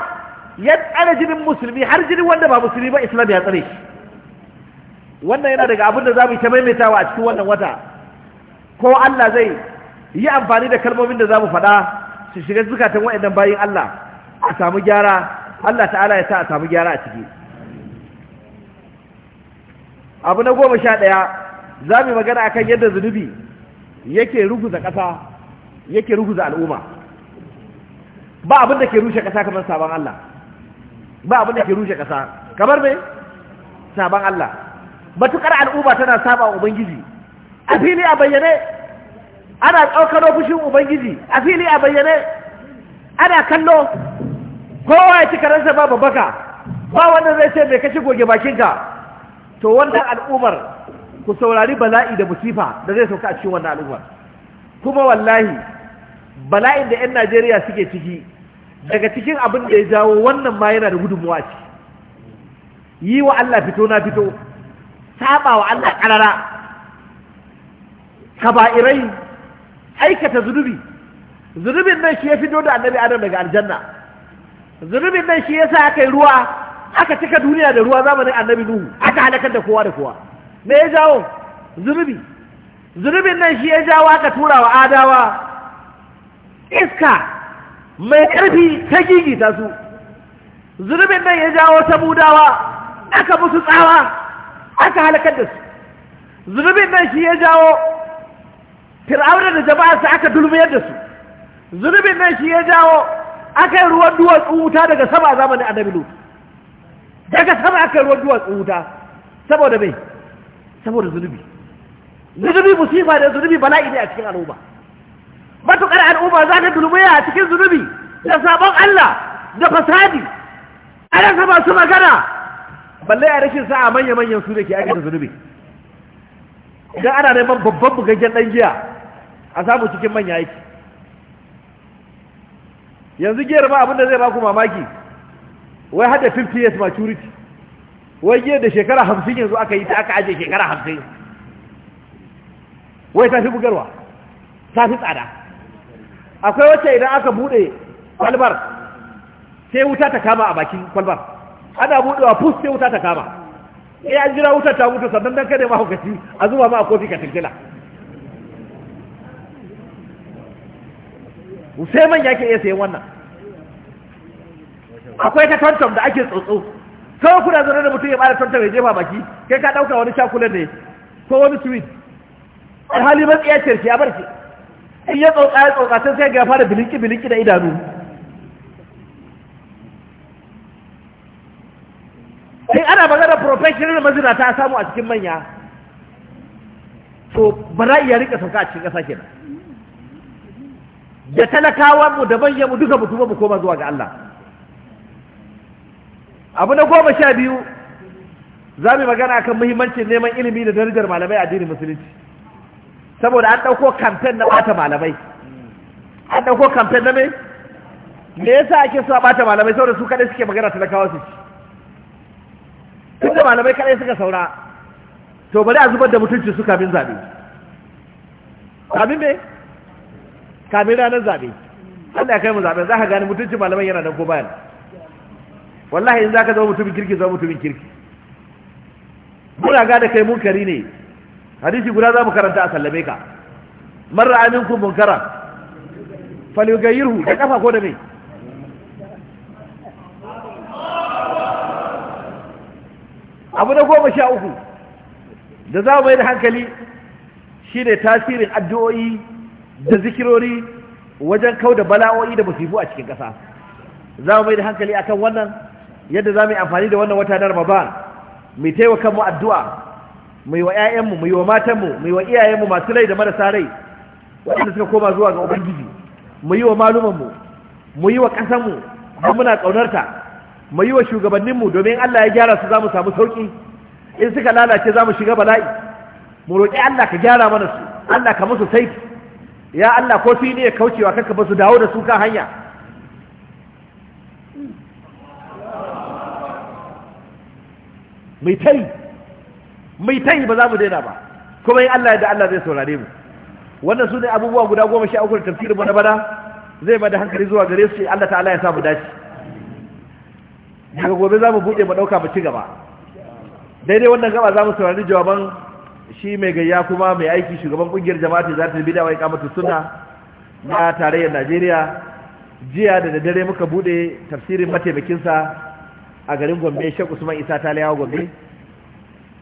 ya tsare jinin musulmi har jinin wanda ba musulmi ba islam ya tsare shi wannan yana daga abin da za mu yi ta maimaitawa a cikin wannan wata ko Allah zai yi amfani da kalmomin da za mu faɗa su shiga zukatan waɗannan bayin Allah a samu gyara Allah ta'ala ya sa a samu gyara a ciki abu na goma sha ɗaya za mu yi magana kan yadda zunubi yake ruguza ƙasa yake ruguza al'umma ba abin da ke rushe ƙasa kamar sabon Allah ba abin da ke rushe ƙasa kamar mai saban Allah matukar al'umma tana saba ubangiji a fili a bayyane ana tsaukano fushin ubangiji a fili a bayyane ana kallo kowa ya ci karansa ba babbaka ba wanda zai ce mai kashi goge bakinka to wannan al'ummar ku saurari bala'i da musifa da zai sauka a cikin wannan al'ummar kuma wallahi bala'in da 'yan najeriya suke ciki daga cikin abin da ya jawo wannan ma yana da gudunmuwa ce yi wa Allah fito na fito saba wa Allah karara kaba'irai aikata zunubi zunubin nan shi ya fito da annabi adam daga aljanna zunubin nan shi ya sa aka yi ruwa aka cika duniya da ruwa zamanin annabi nuhu aka halakar da kowa da kowa me ya jawo zunubi zunubin nan shi ya jawo aka tura wa adawa iska mai ƙarfi ta gigita su zunubin nan ya jawo ta budawa aka musu tsawa aka halakar da su zunubin nan shi ya jawo fir'auna da jama'arsa aka dulmiyar da su zunubin nan shi ya jawo aka yi ruwan duwatsu wuta daga sama zamanin annabi Nabilu daga sama aka yi ruwan duwatsu wuta saboda mai saboda zunubi zunubi musifa da zunubi bala'i ne a cikin al'umma Matuƙar al'umma za ta dulmiya a cikin zunubi da sabon Allah da fasadi a rasa masu magana balle a rashin sa'a manya-manyan su da ke aikata zunubi idan ana neman babban bugaggen ɗan giya a samu cikin manya aiki yanzu giyar ma abinda zai baku mamaki wai hada 50 years maturity wai giyar da shekara hamsin yanzu aka yi ta aka ajiye shekara hamsin. wai ta fi bugarwa ta fi tsada akwai wacce idan aka bude kwalbar sai wuta ta kama a bakin kwalbar ana budewa fus sai wuta ta kama sai an jira wutar ta mutu sannan dan kada mahaukaci a zuba ma a kofi ka tiltila sai manya ke iya sayan wannan akwai ta tantam da ake tsotso ku kuna zaune da mutum ya bada tantam ya jefa baki kai ka dauka wani shakulan ne ko wani sweet alhali matsiyaciyar ki ya a barci. in ya tsotsa ya tsotsa sai sai ga ya fara biliki biliki da idanu sai ana magana professional mazina ta samu a cikin manya to ba za iya rika sauka a cikin ƙasa nan da talakawa mu da manyan mu duka mutu mu koma zuwa ga Allah abu na goma sha biyu za mu magana akan muhimmancin neman ilimi da darajar malamai addinin musulunci saboda an ɗauko kamfen na ɓata malamai an ɗauko kamfen na me me yasa ake so a ɓata malamai saboda su kaɗai suke magana talakawa su ci tunda malamai kaɗai suka saura to bari a zubar da mutunci su kamin zaɓe kamin me kamin ranar zaɓe wanda ya kai mu zaɓe za ka gane mutuncin malamai yana nan ko bayan wallahi in za ka zama mutumin kirki zama mutumin kirki muna gane kai munkari ne hadisi guda za mu karanta a sallame ka man ra'a minkum munkaran Falugayirhu da kafa ko da me abu na goma sha uku da za mu yi da hankali shi ne tasirin addu'o'i da zikirori wajen kau da bala'o'i da musibu a cikin ƙasa za mu yi da hankali akan wannan yadda za mu yi amfani da wannan wata na ramadan mai taimaka mu addu'a mu yi wa 'ya'yanmu mu yi wa matanmu mu yi wa iyayenmu masu rai da marasa rai waɗanda suka koma zuwa ga ubangiji mu yi wa malumanmu mu yi wa ƙasanmu don muna ƙaunarta mu yi wa shugabanninmu domin Allah ya gyara su za mu samu sauƙi in suka lalace za mu shiga bala'i mu roƙi Allah ka gyara mana su Allah ka musu saiti ya Allah ko su yi kauce kaucewa kanka ba su dawo da su kan hanya mai tai mai tayi ba za mu daina ba kuma in Allah da Allah zai saurare mu wannan su ne abubuwa guda goma sha uku da tafsirin bana bana zai da hankali zuwa gare su Allah ta'ala ya sa mu dace daga gobe za mu buɗe mu ɗauka mu ci gaba daidai wannan gaba za mu saurari jawaban shi mai gayya kuma mai aiki shugaban ƙungiyar jama'a za ta bida wai kamatu suna na tarayyar najeriya jiya da daddare muka buɗe tafsirin mataimakinsa a garin gombe Sheikh usman isa taliyawa gombe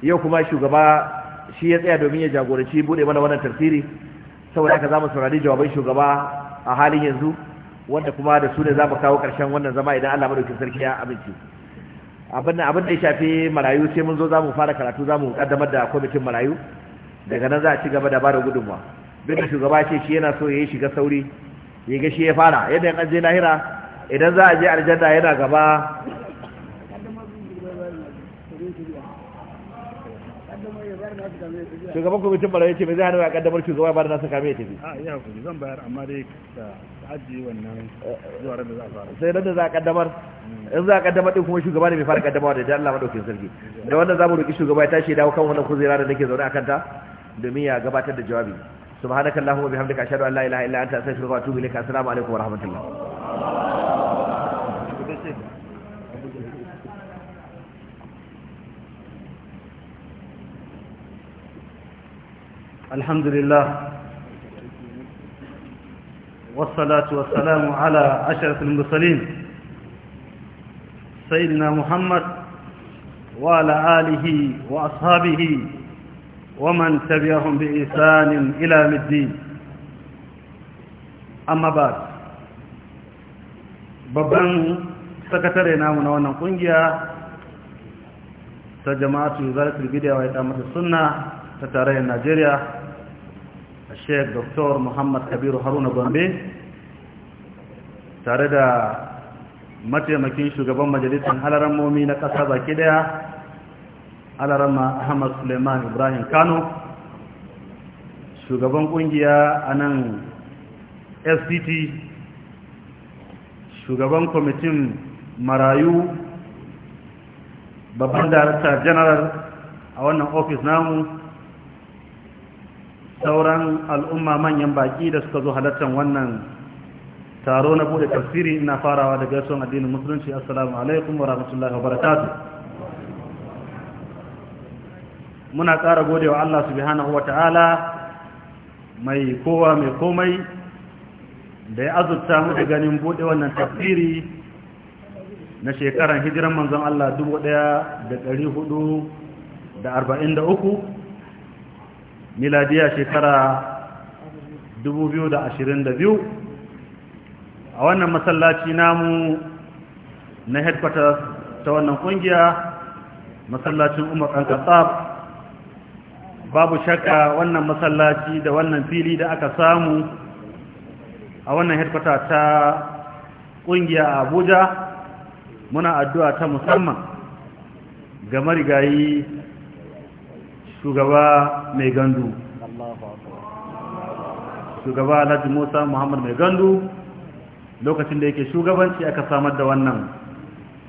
yau kuma shugaba shi ya tsaya domin ya jagoranci bude mana wannan tafsiri saboda haka zamu saurari jawaban shugaba a halin yanzu wanda kuma da su ne zamu kawo karshen wannan zama idan Allah madaukakin sarki ya amince abin da abin da ya shafi marayu sai mun zo zamu fara karatu zamu kaddamar da kwamitin marayu daga nan za a ci gaba da bada gudunmuwa duk da shugaba ce shi yana so ya yi shiga sauri ya ga ya fara yadda an je lahira idan za a je aljanna yana gaba shugaban kwamitin bara ya ce mai zai hana ya kaddamar shugaba ba da nasa kame ya tafi a iya zan bayar amma dai da ajiye wannan zuwa da za a fara sai ran da za a kaddamar mm. in za a kaddamar din kuma shugaba ne mai fara kaddamar da dan Allah madaukakin sarki da wannan za mu roki shugaba ya tashi ya dawo kan wannan kuzera da nake zaune a kanta domin ya gabatar da jawabi subhanaka allahumma bihamdika ashhadu an la ilaha illa anta astaghfiruka wa atubu ilaik assalamu alaikum wa rahmatullah الحمد لله والصلاة والسلام على Muhammad المرسلين سيدنا محمد وعلى آله وأصحابه ومن تبعهم بإحسان إلى الدين أما بعد babban sakatare namu na wannan ƙungiya ta jama'atu zalatul bidiya wa ya sunna ta tarayyar Najeriya Sheikh dr muhammad kabiru haruna gombe tare da mataimakin shugaban majalisar momi na ƙasa baki daya halarama ahmad suleiman ibrahim kano shugaban kungiya a nan fct shugaban kwamitin marayu babban darakta general a wannan ofis namu sauran al'umma manyan baki da suka zo halartar wannan taro na bude tafsiri ina farawa da gaisuwan addinin musulunci assalamu alaikum wa rahmatullahi wa barakatuh muna ƙara godewa Allah subhanahu wa ta'ala mai kowa mai komai da ya azurta mu da ganin bude wannan tafsiri na shekaran hijiran manzon Allah 1443 miladiya shekara 2022 a wannan masallaci namu na headquarters ta wannan kungiya masallacin umar ɗan babu shakka wannan masallaci da wannan fili da aka samu a wannan headquarters ta kungiya a abuja muna addu'a ta musamman ga marigayi shugaba mai gandu shugaba alhaji musa muhammad mai gandu lokacin da yake shugabanci aka samar da wannan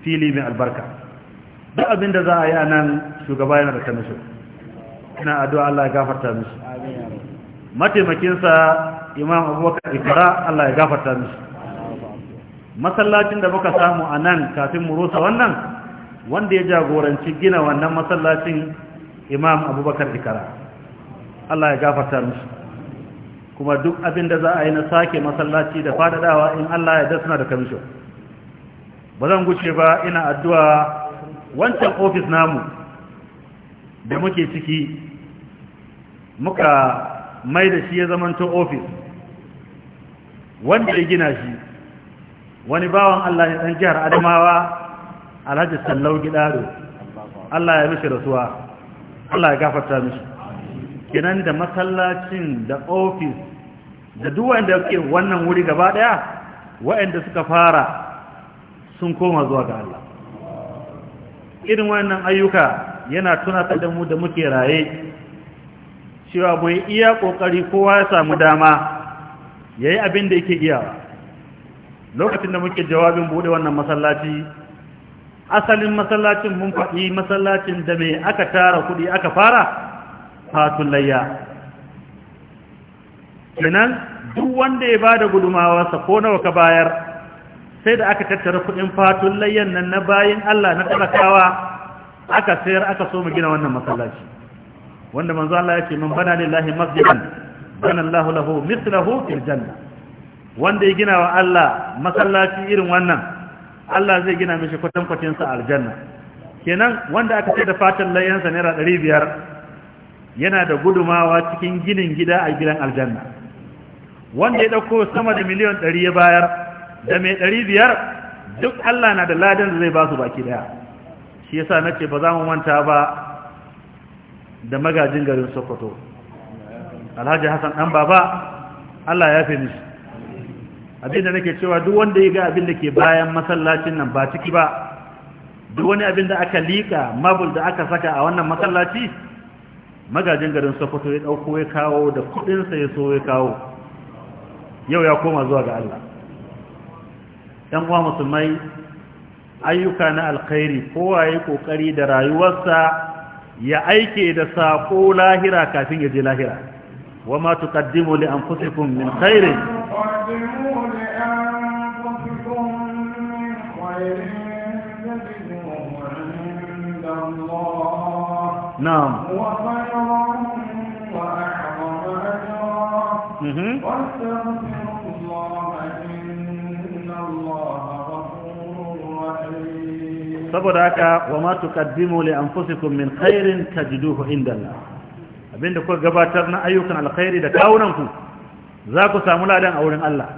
fili mai albarka duk abin da za a yi a nan shugaba yana da kamishin ina addu'a Allah ya gafarta mishi mataimakinsa imam abubakar ikara Allah ya gafarta mishi masallacin da muka samu a nan kafin mu rusa wannan wanda ya jagoranci gina wannan masallacin imam abubakar dikara Allah ya gafarta musu kuma duk abin da za a yi na sake masallaci da fadadawa in Allah ya dasna da kamisho ba zan guce ba ina addu'a wancan ofis namu da muke ciki muka mai da shi ya zamanto ofis wanda ya gina shi wani bawan Allah ne ɗan jihar adamawa alhaji sallau gidaro Allah ya mishi rasuwa Allah ya gafarta mishi kenan da masallacin da ofis da duk wanda yake wannan wuri gaba daya waɗanda suka fara sun koma zuwa ga Allah irin wannan ayyuka yana tuna da mu da muke raye cewa mu yi iya kokari kowa ya samu dama yayi abin da yake iyawa lokacin da muke jawabin bude wannan masallaci asalin masallacin mun faɗi masallacin da mai aka tara kuɗi aka fara fatun layya kenan duk wanda ya bada gudumawarsa ko nawa ka bayar sai da aka tattara kuɗin fatun layyan nan na bayin Allah na talakawa aka sayar aka so mu gina wannan masallaci wanda manzo Allah yake man bana lillahi masjidan bana Allah lahu mithluhu fil janna wanda ya gina wa Allah masallaci irin wannan Allah zai gina mishi kwatankwacin sa aljanna kenan wanda aka ce da fatan layansa naira biyar yana da gudumawa cikin ginin gida a gidan aljanna wanda ya dauko sama da miliyan ɗari ya bayar da mai biyar duk Allah na da ladan da zai ba su baki ɗaya. shi yasa nace ba za mu manta ba da magajin garin Sokoto Alhaji Hassan dan baba Allah ya fi mishi abinda nake cewa duk wanda ya ga abin da ke bayan masallacin nan ba ciki ba duk wani abin da aka lika mabul da aka saka a wannan masallaci magajin garin sokoto ya ɗauko ya kawo da kuɗinsa ya so ya kawo yau ya koma zuwa ga Allah ɗan uwa musulmai ayyuka na alkhairi kowa ya kokari da rayuwarsa ya aike da sako lahira kafin ya je lahira wa ma tuqaddimu li anfusikum min khairin نعم mhm. saboda haka wa ma tuqaddimu li anfusikum min khairin tajiduhu abinda kuka gabatar na ayyukan alkhairi da ku za ku samu ladan a wurin Allah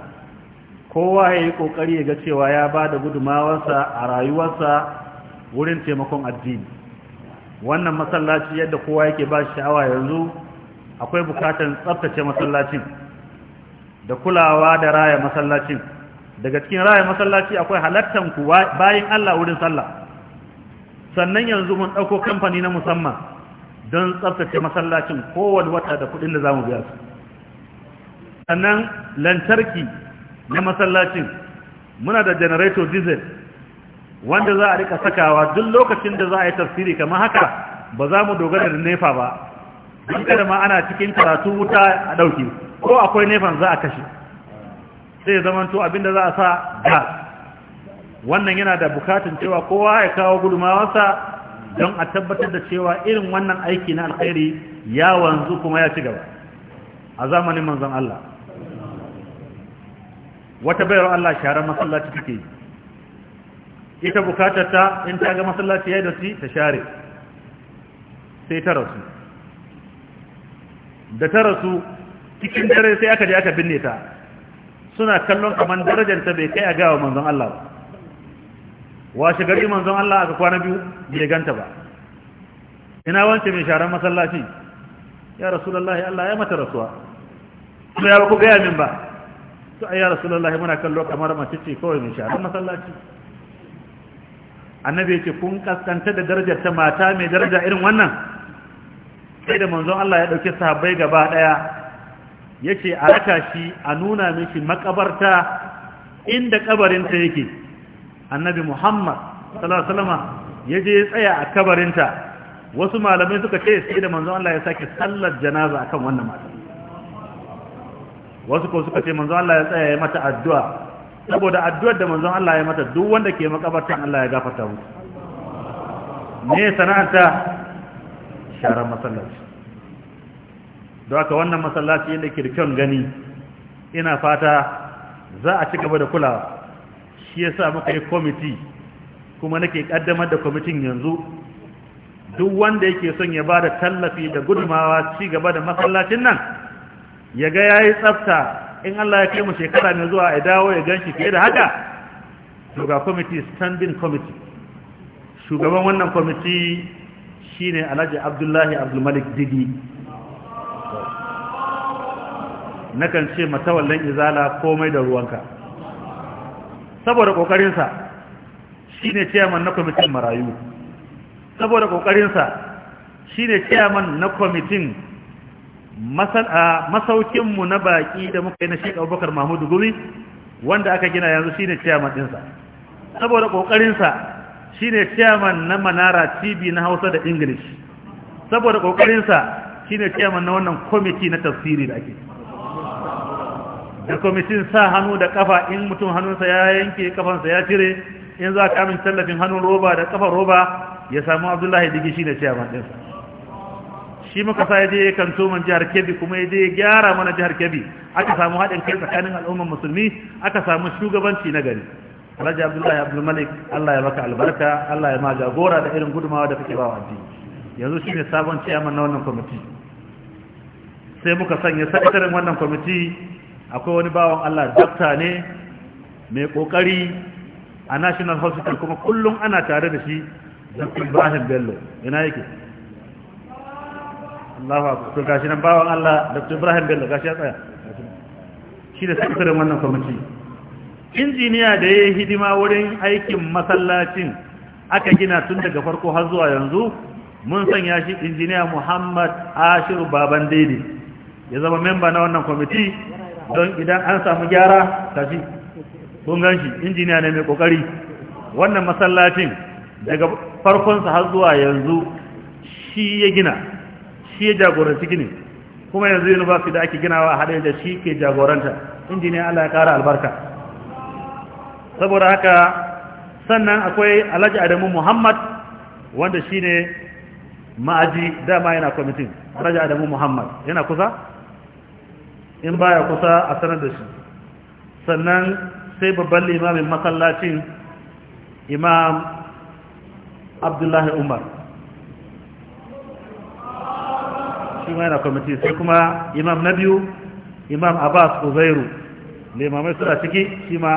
kowa ya yi kokari ya ga cewa ya ba da gudumawarsa a rayuwarsa wurin taimakon addini wannan masallaci yadda kowa yake ba shi sha'awa yanzu akwai bukatar tsaftace masallacin da kulawa da raya masallacin daga cikin raya masallaci akwai halartar ku bayan Allah wurin sallah sannan yanzu mun ɗauko kamfani na musamman don tsaftace masallacin kowane wata da kuɗin da zamu biya su sannan lantarki na masallacin muna da generator diesel wanda za a rika sakawa duk lokacin da za a yi tafsiri kamar haka ba za mu dogara da nefa ba duk da ma ana cikin karatu wuta a ɗauki ko akwai nefan za a kashe sai zamanto abinda za a sa gas wannan yana da bukatun cewa kowa ya kawo gudumawarsa don a tabbatar da cewa irin wannan aiki na alkhairi ya wanzu kuma ya ci gaba a zamanin manzon Allah wata bayar Allah sharar masallaci take yi ita bukatar ta in ta ga masallaci ya datti ta share sai ta rasu da ta rasu cikin dare sai aka je aka binne ta suna kallon kaman darajar ta bai kai a gawa manzon Allah ba shi gari manzon Allah aka kwana biyu bai ganta ba ina wance mai sharan masallaci ya rasulullahi Allah ya mata rasuwa kuma ya ba ku gaya min ba to ayya ya rasulullahi muna kallo kamar mace ce kawai mai sharan masallaci annabi yake kun kaskanta da darajar ta mata mai daraja irin wannan sai da manzon Allah ya dauke sahabbai gaba daya yace a raka shi a nuna mishi makabarta inda kabarinta yake annabi Muhammad sallallahu alaihi ya je ya tsaya a kabarinta wasu malamai suka ce sai da manzon Allah ya sake sallar janaza akan wannan mata wasu ko suka ce manzon Allah ya tsaya ya mata addu'a saboda addu'ar da manzon Allah ya mata duk wanda ke makabartan Allah ya gafarta mu ne sana'arta sharar masallaci don haka wannan masallaci yadda ke da gani ina fata za a ci gaba da kulawa shi yasa muka yi kwamiti kuma nake ƙaddamar da kwamitin yanzu duk wanda yake son ya ba da tallafi da gudumawa ci gaba da masallacin nan ya ga ya yi tsafta in Allah ya kai mu shekara mai zuwa ya dawo ya ganshi fiye da haka to committee standing committee shugaban wannan committee shine Alhaji Abdullahi Abdul Malik Didi nakan ce matawallan izala komai da ruwanka saboda kokarinsa shine chairman na committee marayu saboda kokarinsa shine chairman na committee masaukinmu na baƙi da muka yi na shi abubakar mahmudu gumi wanda aka gina yanzu shine ciyaman ɗinsa saboda ƙoƙarinsa shine ciyaman na manara tv na hausa da english saboda ƙoƙarinsa shine ciyaman na wannan kwamiti na tafsiri da ake da kwamitin sa hannu da kafa in mutum hannunsa ya yanke ƙafansa ya cire in za ka tallafin hannun roba da kafar roba ya samu abdullahi digi shine ciyaman ɗinsa shi muka sa yaje ya kanto man jihar Kebbi kuma yaje ya gyara mana jihar Kebbi aka samu haɗin kai tsakanin al'ummar musulmi aka samu shugabanci na gari Alhaji Abdullahi Abdul Malik Allah ya maka albarka Allah ya ma gora da irin gudumawa da kake ba wa addini yanzu shine sabon ciyaman na wannan committee sai muka sanya sakataren wannan kwamiti akwai wani bawan Allah dakta ne mai kokari a National Hospital kuma kullum ana tare da shi Dr. Ibrahim Bello ina yake Allahu akbar to gashi nan bawan Allah Dr. Ibrahim Bello gashi ya tsaya shi da sakataren wannan kwamiti injiniya da ya yi hidima wurin aikin masallacin aka gina tun daga farko har zuwa yanzu mun sanya shi injiniya Muhammad Ashir Baban Dede, ya zama memba na wannan kwamiti don idan an samu gyara tafi kun ganshi injiniya ne mai kokari wannan masallacin daga farkonsa har zuwa yanzu shi ya gina shi ya jagoranci gini kuma yanzu university da ake ginawa a haɗe da shi ke jagoranta injiniya Allah ya ƙara albarka saboda haka sannan akwai alhaji adamu muhammad wanda shi ne ma'aji dama yana kwamitin alhaji adamu muhammad yana kusa in baya kusa a sanar da shi sannan sai babban limamin masallacin imam abdullahi umar shi ma yana kwamiti sai kuma imam na biyu imam abbas uzairu limamai suna ciki shi ma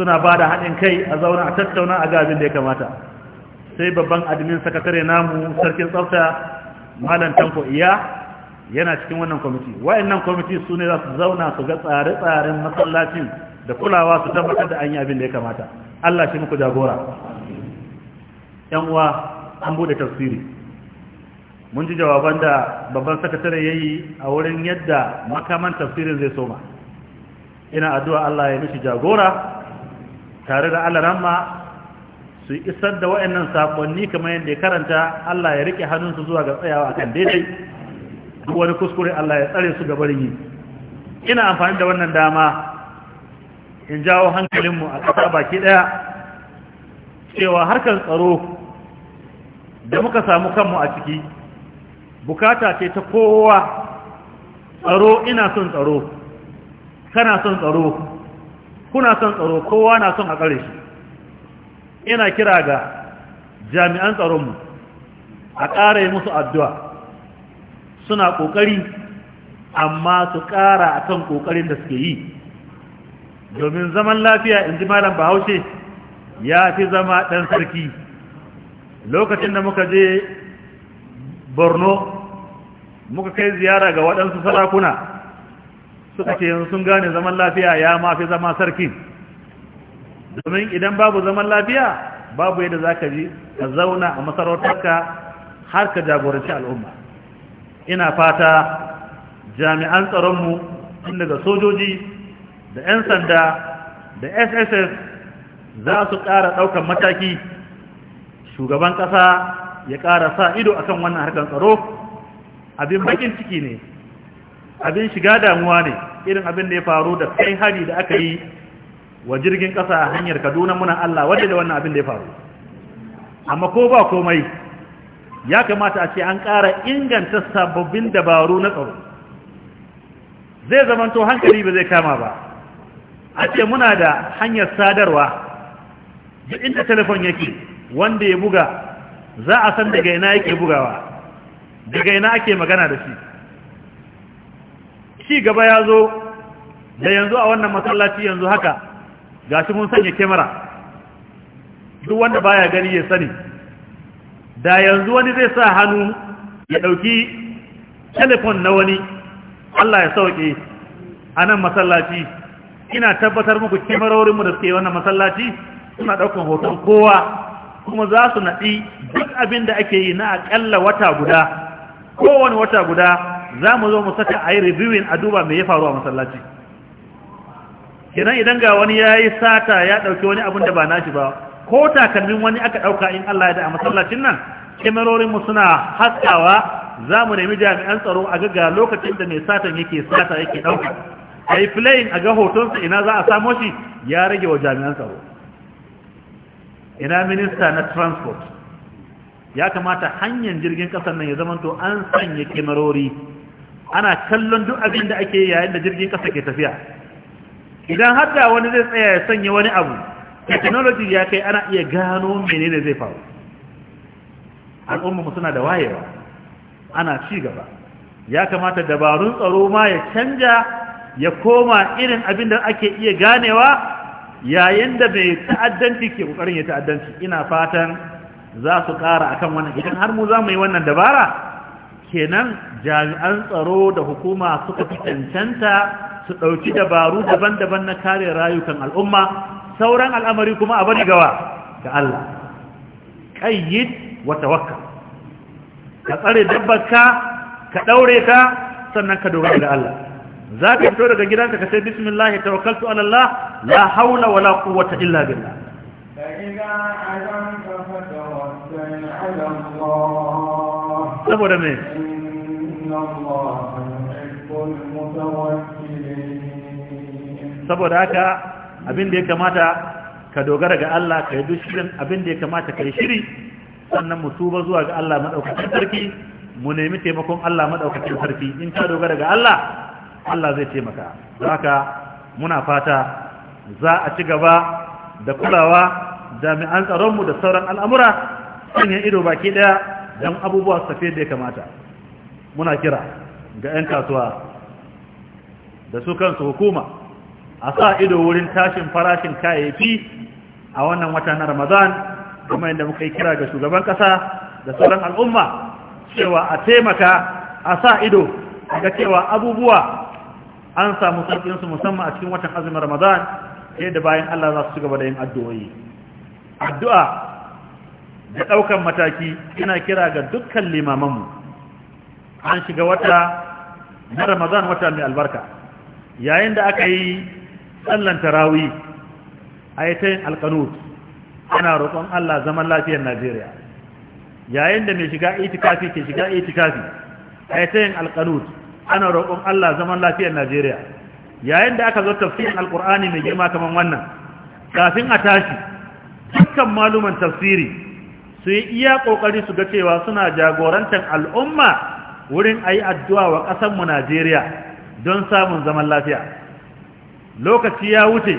suna ba da haɗin kai a zauna a tattauna a ga abin da ya kamata sai babban admin sakatare namu sarkin tsafta malam tanko iya yana cikin wannan kwamiti nan kwamiti su ne za su zauna su ga tsare-tsaren masallacin da kulawa su tabbatar da an yi abin da ya kamata Allah shi muku jagora yan uwa an bude tafsiri mun ji jawaban da babban sakatare ya yi a wurin yadda makaman tafsirin zai soma ina addu'a Allah ya mishi jagora tare da Allah ramma su isar da waɗannan saƙonni kamar yadda ya karanta Allah ya rike hannunsu zuwa ga tsayawa kan daidai duk wani kuskure Allah ya tsare su gaban yi ina amfani da wannan dama in jawo hankalinmu a ƙasa baki ɗaya cewa harkar tsaro da muka samu kanmu a ciki bukata ce ta kowa tsaro ina son tsaro kana son tsaro kuna son tsaro kowa na son a tsare shi ina kira ga jami'an tsaronmu a ƙara yi musu addu'a suna ƙoƙari amma su ƙara a kan ƙoƙarin da suke yi domin zaman lafiya in ji malam bahaushe ya fi zama ɗan sarki lokacin da muka je borno muka kai ziyara ga waɗansu sarakuna suka ce yanzu sun gane zaman lafiya ya mafi zama sarki domin idan babu zaman lafiya babu yadda za ka ji ka zauna a masarautarka har ka jagoranci al'umma ina fata jami'an tsaronmu tun daga sojoji da 'yan sanda da sss za su ƙara ɗaukar mataki shugaban ƙasa ya ƙara sa ido akan wannan harkar tsaro abin bakin ciki ne abin shiga damuwa ne irin abin da ya faru da kai hari da aka yi wa jirgin ƙasa a hanyar kaduna muna Allah wadda da wannan abin da ya faru amma ko ba komai ya kamata a ce an kara inganta sababbin dabaru na tsaro zai zamanto hankali ba zai kama ba a ce muna da hanyar sadarwa da inda telefon yake wanda ya buga za a san daga ina yake bugawa daga ina ake magana da shi Shi gaba ya zo da yanzu a wannan masallaci yanzu haka ga mun sanya kyamara duk wanda baya gani ya sani da yanzu wani zai sa hannu ya ɗauki telefon na wani Allah ya sauke a nan masallaci ina tabbatar muku mu da suke wannan masallaci suna ɗaukan hoton kowa kuma za su naɗi duk abin da ake yi na aƙalla wata guda kowane wata guda za mu zo mu saka a yi reviewing a duba mai ya faru a masallaci kenan idan ga wani ya yi sata ya ɗauki wani abin da ba nashi ba ko takalmin wani aka ɗauka in Allah ya da a masallacin nan mu suna haskawa za mu nemi jami'an tsaro a gaga lokacin da mai satan yake sata yake ɗauka a yi filayin a ga hotonsa ina za a samo shi ya rage wa jami'an tsaro ina minista na transport ya kamata hanyar jirgin kasar nan ya zamanto an sanya kemarori ana kallon duk abin da ake yayin da jirgin kasa ke tafiya idan har da wani zai tsaya ya sanya wani abu technology ya kai ana iya gano menene zai faru al'umma suna da wayewa ana ci gaba ya kamata dabarun tsaro ma ya canja ya koma irin abin da ake iya ganewa yayin da mai ta'addanci ke kokarin ya ta'addanci ina fatan za su ƙara akan wannan idan har mu za mu yi wannan dabara kenan jami'an tsaro da hukuma suka fi cancanta su ɗauki dabaru daban-daban na kare rayukan al'umma sauran al'amari kuma a bari gawa ga Allah ƙayyid wa tawakka ka tsare dabbarka ka ɗaure ka sannan ka dogara ga Allah za ka fito daga gidanka ka sai bismillah tawakkaltu ala Allah la haula wala quwwata illa billah saboda me saboda haka abin da ya kamata ka dogara ga Allah ka yi duk shirin abin da ya kamata ka yi shiri sannan mu tuba zuwa ga Allah maɗaukacin sarki mu nemi taimakon Allah maɗaukacin sarki in ka dogara ga Allah Allah zai taimaka ka muna fata za a ci gaba da kulawa jami'an tsaronmu da sauran al'amura sanya ido baki daya don abubuwa su tafi da ya kamata muna kira ga 'yan kasuwa da su kansu hukuma a sa ido wurin tashin farashin kayayyaki a wannan wata na ramadan kuma inda muka yi kira ga shugaban kasa da sauran al'umma cewa a taimaka a sa ido ga cewa abubuwa an samu sauƙinsu musamman a cikin watan azumin ramadan yadda bayan allah za su ci gaba da yin addu'o'i addu'a da ɗaukan mataki ina kira ga dukkan limamanmu an shiga wata na ramazan wata mai albarka yayin da aka yi tsallan tarawi a yi ta yin ana roƙon Allah zaman lafiyar Najeriya yayin da mai shiga itikafi ke shiga itikafi a yi ta yin alkanut ana roƙon Allah zaman lafiyar Najeriya yayin da aka zo tafsirin alkur'ani mai girma kamar wannan kafin a tashi dukkan maluman tafsiri su yi iya ƙoƙari su ga cewa suna jagorantar al'umma wurin a yi addu'a wa ƙasanmu Najeriya don samun zaman lafiya. Lokaci ya wuce,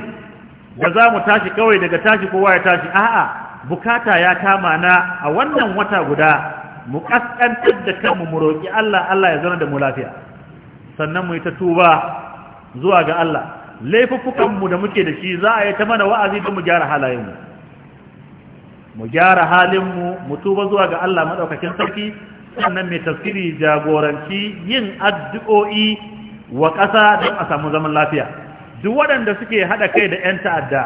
da za mu tashi kawai daga tashi kowa ya tashi, a'a, bukata ya kama na a wannan wata guda, mu ƙasƙantar da kanmu mu roƙi Allah, Allah ya zana da mu lafiya. Sannan mu yi ta tuba zuwa ga Allah, laifuffukanmu da muke da shi za a yi ta mana wa'azi don mu gyara halayenmu. mu gyara halinmu mu tuba zuwa ga Allah maɗaukakin sarki sannan mai tafsiri jagoranci yin addu'o'i wa ƙasa don a samu zaman lafiya duk waɗanda suke haɗa kai da ‘yan ta'adda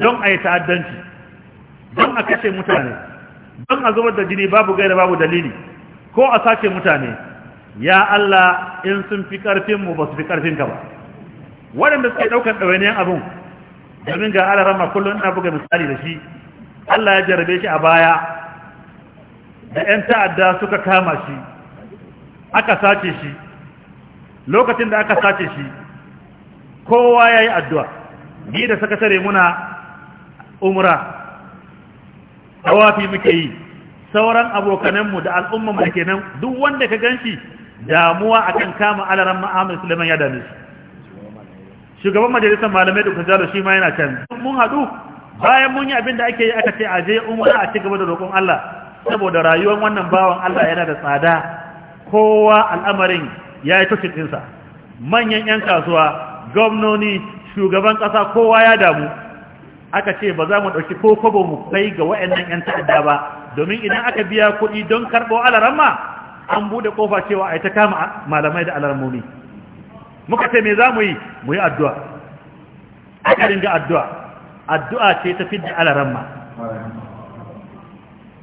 don a yi ta'addanci don a kashe mutane don a zubar da jini babu gaira babu dalili ko a sace mutane ya Allah in sun fi ƙarfinmu ba su fi ƙarfinka ba waɗanda suke ɗaukar ɗawainiyar abin domin ga alarama kullum ina buga misali da shi Allah ya jarabe shi a baya da 'yan ta'adda suka kama shi aka sace shi lokacin da aka sace shi kowa ya yi addu'a ni da sakatare muna umra tawafi muke yi sauran abokananmu da al'ummanmu da nan, duk wanda ka gan shi damuwa akan kama alaran ma'amil suleiman ya dame shugaban majalisar malamai da kujalo shi ma yana can mun haɗu bayan mun yi abin da ake yi aka ce a je umara a ci gaba da roƙon Allah saboda rayuwar wannan bawan Allah yana da tsada kowa al'amarin ya yi tushe ɗinsa manyan 'yan kasuwa gwamnoni shugaban ƙasa kowa ya damu aka ce ba za mu ɗauki ko kwabo mu kai ga wa'annan 'yan ta'adda ba domin idan aka biya kuɗi don karɓo alarama an buɗe ƙofa cewa a yi ta kama malamai da alarmomi muka ce me za mu yi mu yi addu'a aka ringa addu'a addu'a ce ta fidda ma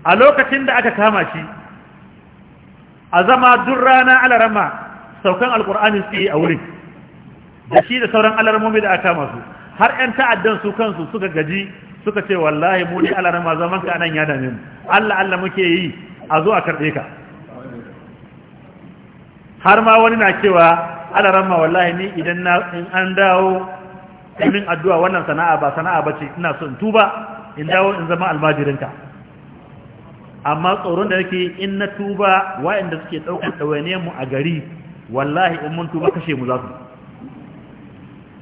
a lokacin da aka kama shi a zama duk rana ma saukan Alƙur'ani su yi a wurin da shi da sauran alarmomi da aka kama su har 'yan ta'addan su kansu suka gaji suka ce wallahi mu ne ma zaman ka nan ya dame mu Allah Allah muke yi a zo a karɓe ka har ma wani na cewa ma wallahi ni idan na in an dawo min addu'a wannan sana'a ba sana'a ba ce ina in tuba in dawo in zama almajirinka amma tsoron da yake in na tuba wa'inda suke ɗaukar ɗawainiyar mu a gari wallahi in mun tuba kashe mu za su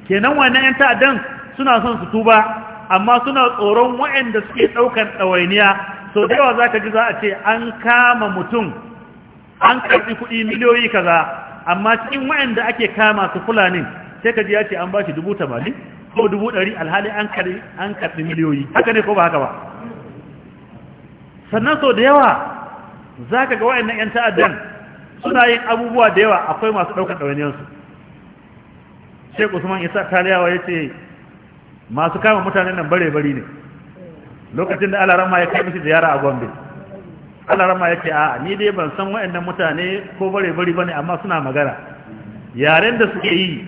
kenan wannan 'yan ta'addan suna son su tuba amma suna tsoron wa'inda suke ɗaukar ɗawainiya so da yawa za ka ji za a ce an kama mutum an karɓi kuɗi miliyoyi kaza amma cikin wa'inda ake kama su fulanin sai ka ji ya ce an ba shi dubu tamanin ko dubu ɗari alhali an karɓi miliyoyi haka ne ko ba haka ba sannan sau da yawa za ka ga na 'yan ta'addan suna yin abubuwa da yawa akwai masu ɗaukar ɗawainiyarsu sai usman isa taliyawa ya ce masu kama mutanen nan bare-bari ne lokacin da alarama ya kai mishi ziyara a gombe alarama ya ce a ni dai ban san wa'annan mutane ko bare-bari ba ne amma suna magana yaren da suke yi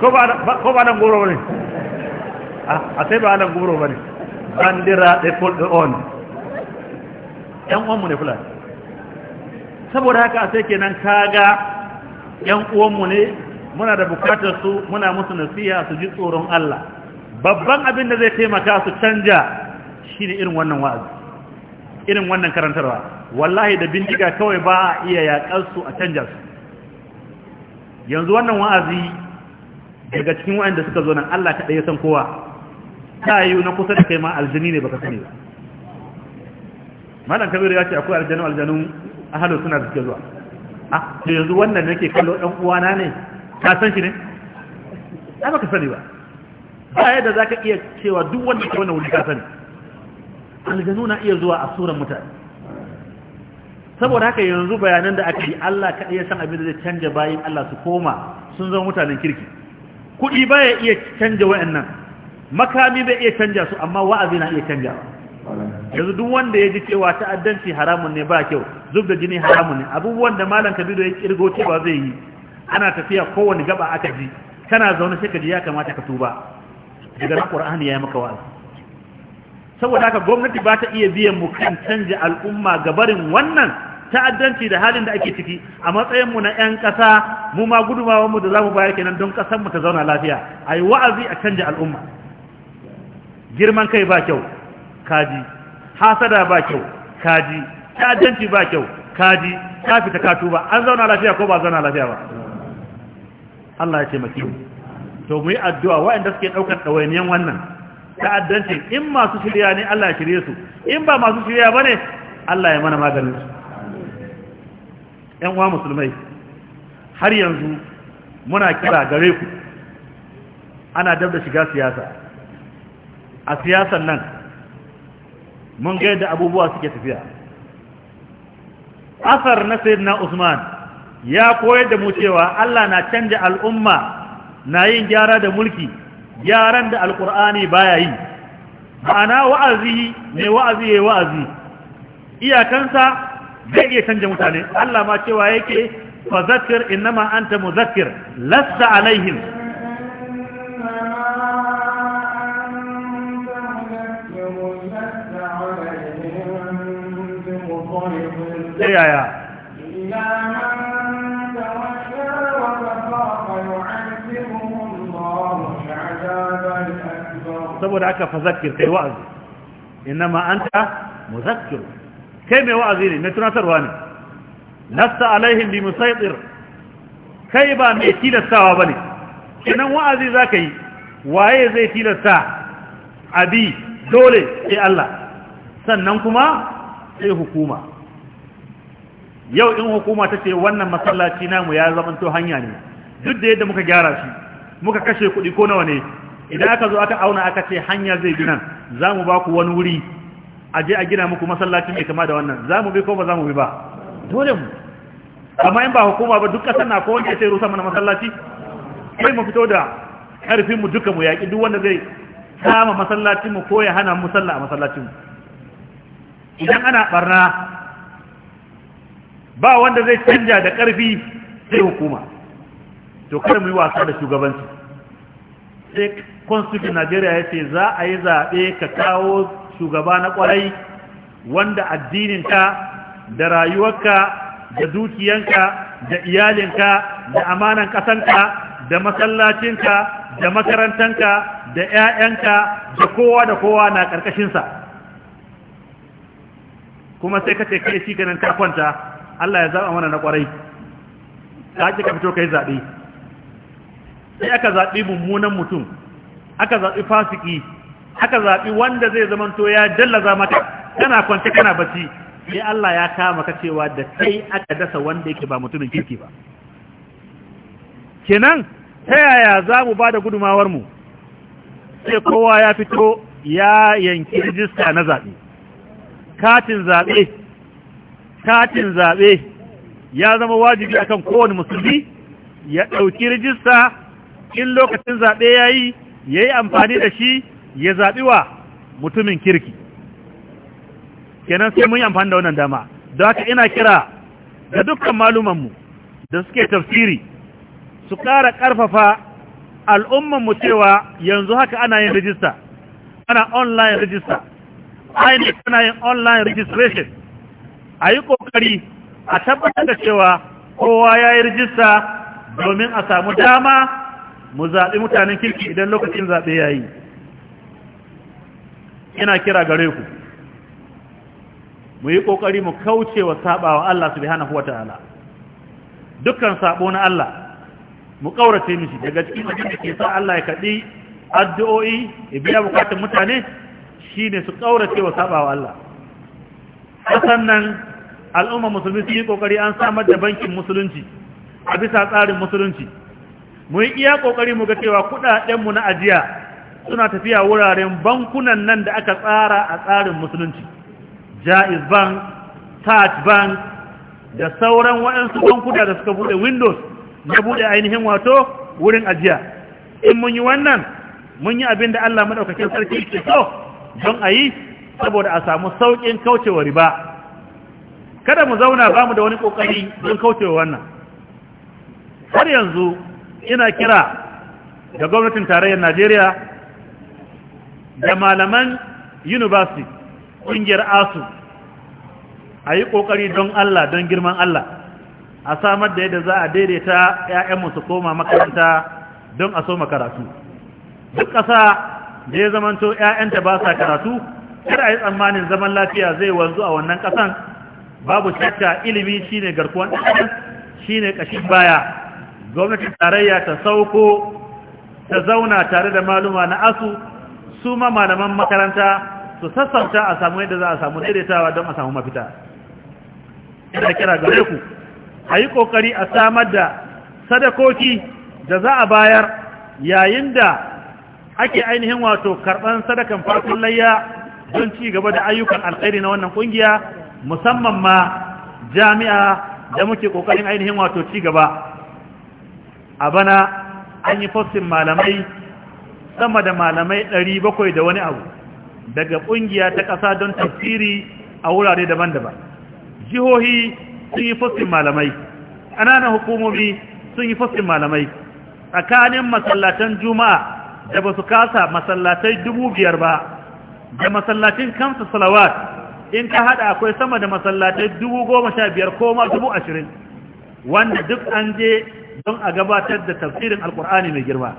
ko ba nan goro bane ah, a sai ba nan goro bane bandira they call the on yan uwanmu ne fulani saboda haka a sai kenan kaga yan uwanmu ne muna da bukatar su muna musu nasiha su ji tsoron Allah babban abin da zai taimaka su canja shine irin wannan wa'azi irin wannan karantarwa wallahi da bindiga kawai ba a iya yaƙar su a canja su yanzu wannan wa'azi daga cikin wa'anda suka zo nan Allah ta ɗaya san kowa ta yi na kusa da kai ma aljini ne baka sani ba malam kabiru ya ce akwai aljanu aljanun halin suna da suke zuwa A to yanzu wannan nake kallo ɗan uwana ne ka san shi ne ba baka sani ba ba yadda za ka iya cewa duk wanda ke wannan wuri ka sani aljanu na iya zuwa a suran mutane saboda haka yanzu bayanan da aka yi Allah kaɗai ya san abin da zai canja bayin Allah su koma sun zama mutanen kirki kuɗi ba ya iya canja wa'annan makami bai iya canja su amma wa'azi na iya canja yanzu duk wanda ya ji cewa ta'addanci haramun ne ba kyau zub da jini haramun ne abubuwan da malam kabiru ya kirgo cewa zai yi ana tafiya kowane gaba aka ji kana zaune sai ka ji ya kamata ka tuba daga na qur'ani ya yi maka wa'azi saboda haka gwamnati ba ta iya biyan mu kan canja al'umma gabarin wannan ta'addanci da halin da ake ciki a matsayinmu na 'yan ƙasa mu ma gudumawanmu da za mu bayar kenan don ƙasarmu ta zauna lafiya a yi wa'azi a canja al'umma girman kai ba kyau kaji hasada ba kyau kaji ta'addanci ba kyau kaji ta fita katu ba an zauna lafiya ko ba zauna lafiya ba Allah ya ce maki to mu yi addu'a waɗanda suke ɗaukar ɗawainiyan wannan ta'addanci in masu shirya ne Allah ya shirye su in ba masu shirya ba ne Allah ya mana maganin su yan uwa musulmai har yanzu muna kira gare ku ana dab da shiga siyasa a siyasan nan mun ga yadda abubuwa suke tafiya asar na sayyidina usman ya koyar da mu cewa Allah na canja al'umma na yin gyara da mulki gyaran da alkur'ani baya yi ma'ana wa'azi ne wa'azi ya wa'azi iyakansa zai iya canja mutane Allah ma cewa yake fa zakir innama anta muzakkir lasta alaihim yaya saboda aka fa zakir kai wa'azi innama anta muzakkir kai mai wa'azi ne mai tunatarwa ne lasta alaihim bi kai ba mai tilastawa bane kenan wa'azi zaka yi waye zai tilasta abi dole sai Allah sannan kuma sai hukuma yau in hukuma ta ce wannan masallaci namu ya to hanya ne duk da yadda muka gyara shi muka kashe kuɗi ko nawa ne idan aka zo aka auna aka ce hanya zai bi nan za mu ba ku wani wuri a je a gina muku masallacin mai kama da wannan za mu bi ko ba za mu bi ba dole mu amma in ba hukuma ba duk kasar na ko wanda ya sai rusa mana masallaci sai mu fito da karfin mu duka mu yaƙi duk wanda zai kama masallacin mu ko ya hana mu sallah a masallacin idan ana barna ba wanda zai canja da karfi sai hukuma to kada mu yi wasa da shugabanci sai constitution Najeriya ya ce za a yi zaɓe ka kawo shugaba na kwarai wanda addininka da rayuwarka da dukiyanka da iyalinka da amanan ƙasanka da masallacinka da makarantanka da 'ya'yanka da kowa da kowa na ƙarƙashinsa kuma sai ka ce shi ganin ka kwanta Allah ya zaɓa mana na kwarai, ta ji ka fito kai zaɓe sai aka zaɓi mummunan mutum aka zaɓi fasiki aka zaɓi wanda zai zamanto ya jallaza mata kana kwance kana bacci sai Allah ya kama ka cewa da kai aka dasa wanda yake ba mutumin kirki ba kenan ta yaya za mu ba da gudumawar mu sai kowa ya fito ya yanki rijista na zaɓe katin zaɓe katin zaɓe ya zama wajibi akan kowane musulmi ya ɗauki rijista in lokacin zaɓe ya yi ya yi amfani da shi ya zaɓi wa mutumin kirki kenan sai mun yi amfani da wannan dama da haka ina kira ga dukkan malumanmu da suke tafsiri su ƙara ƙarfafa al'ummanmu cewa yanzu haka ana yin rijista ana online rijista aini ana yin online registration a yi ƙoƙari a tabbatar da cewa kowa ya yi rijista domin a samu dama mu zaɓi mutanen kirki idan lokacin zaɓe ya yi ina kira gare ku mu yi kokari mu kauce wa sabawa Allah subhanahu wataala dukkan sabo na Allah mu kaurace mishi daga cikin abin da ke sa Allah ya kadi addu'o'i ya biya bukatun mutane shine su kaurace wa sabawa Allah kasan nan al'umma musulmi su yi kokari an samar da bankin musulunci a bisa tsarin musulunci mu yi iya kokari mu ga cewa kudaden mu na ajiya suna tafiya wuraren bankunan nan da aka tsara a tsarin musulunci jaiz bank touch bank da sauran waɗansu bankuna da suka buɗe windows na buɗe ainihin wato wurin ajiya in mun yi wannan mun yi abin da allah maɗaukakin sarki ke so don a yi saboda a samu sauƙin kaucewa riba kada mu zauna ba mu da wani ƙoƙari don kaucewa wannan har yanzu ina kira ga gwamnatin tarayyar najeriya da malaman university ƙungiyar asu a yi ƙoƙari don Allah don girman Allah a samar da yadda za a daidaita 'ya'yanmu su koma makaranta don a soma karatu duk ƙasa da ya zamanto 'ya'yanta ba sa karatu kar a yi tsammanin zaman lafiya zai wanzu a wannan ƙasan babu shakka ilimi shine garkuwan ɗan shine ƙashin baya gwamnatin tarayya ta sauko ta zauna tare da maluma na asu su ma malaman makaranta su sassauta a samu yadda za a samu daidaitawa don a samu mafita ina kira gare ku a yi ƙoƙari a samar da sadakoki da za a bayar yayin da ake ainihin wato karɓar sadakan farkon layya don ci gaba da ayyukan alkhairi na wannan ƙungiya musamman ma jami'a da muke ƙoƙarin ainihin wato ci gaba a bana an yi fassin malamai sama da malamai bakwai da wani abu daga kungiya ta ƙasa don tafsiri a wurare daban-daban jihohi sun yi fuskin malamai ƙananan hukumomi sun yi fuskin malamai tsakanin masallatan juma'a da ba su kasa masallatai dubu biyar ba da masallatin kamsa salawat in ka haɗa akwai sama da masallatai dubu goma sha biyar ko ma dubu ashirin wanda duk an je don a gabatar da tafsirin Alƙur'ani mai girma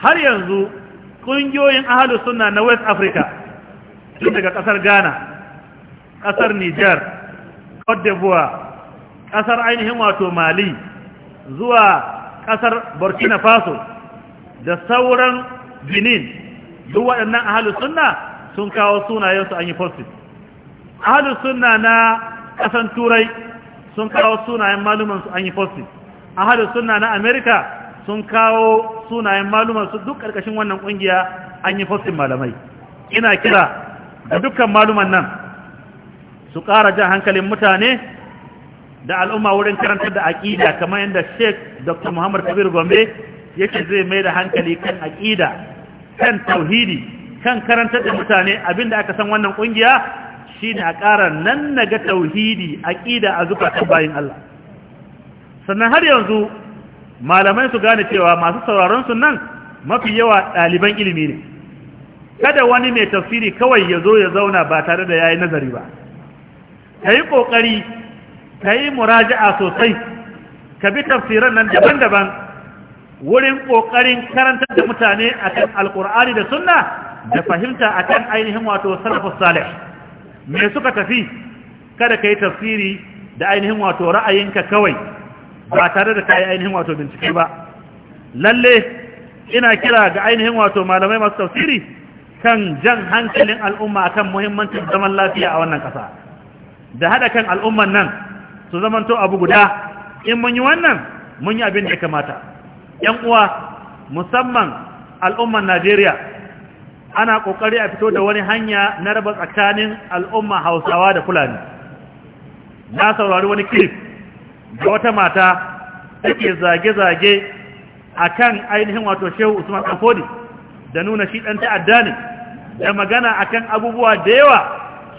har yanzu ƙungiyoyin ahalus sunna na west africa tun daga ƙasar ghana ƙasar niger cote d'ivoire ƙasar ainihin wato mali zuwa ƙasar burkina faso da sauran benin duk waɗannan ahalus sunna sun kawo sunayensu an yi fosil ahalus sunna na ƙasan turai sun kawo sunayen malumansu an yi fosil ahalus sunna na america sun kawo sunayen maluman su duk karkashin wannan ƙungiya an yi fosin malamai ina kira da dukkan maluman nan su ƙara jan hankalin mutane da al'umma wurin karantar da aƙida kamar yadda sheik dr muhammad kabir gombe yake zai mai da hankali kan aƙida kan tauhidi kan karantar da mutane abinda aka san wannan kungiya shine a ƙara nan naga tauhidi aƙida a ta bayin Allah sannan har yanzu malamai su gane cewa masu sauraron su nan mafi yawa ɗaliban ilimi ne kada wani mai tafsiri kawai ya zo ya zauna ba tare da yayi nazari ba ka yi ƙoƙari ka yi muraja'a sosai ka bi tafsiran nan daban-daban wurin ƙoƙarin karantar da mutane a kan alƙur'ani da sunna da fahimta akan ainihin wato salafus salih me suka tafi kada ka yi tafsiri da ainihin wato ra'ayinka kawai ba tare da ta yi ainihin wato bincike ba lalle ina kira ga ainihin wato malamai masu tafsiri kan jan hankalin al'umma akan muhimmancin zaman lafiya a wannan ƙasa da haɗa kan al'umman nan su zamanto abu guda in mun yi wannan mun yi abin da kamata ‘yan uwa musamman al'umman najeriya ana ƙoƙari a fito da wani hanya na raba tsakanin al'umma hausawa da fulani na saurari wani kilif ga wata mata take zage-zage a kan ainihin wato shehu usman kafodi da nuna shi ɗan ta'adda ne da magana a kan abubuwa da yawa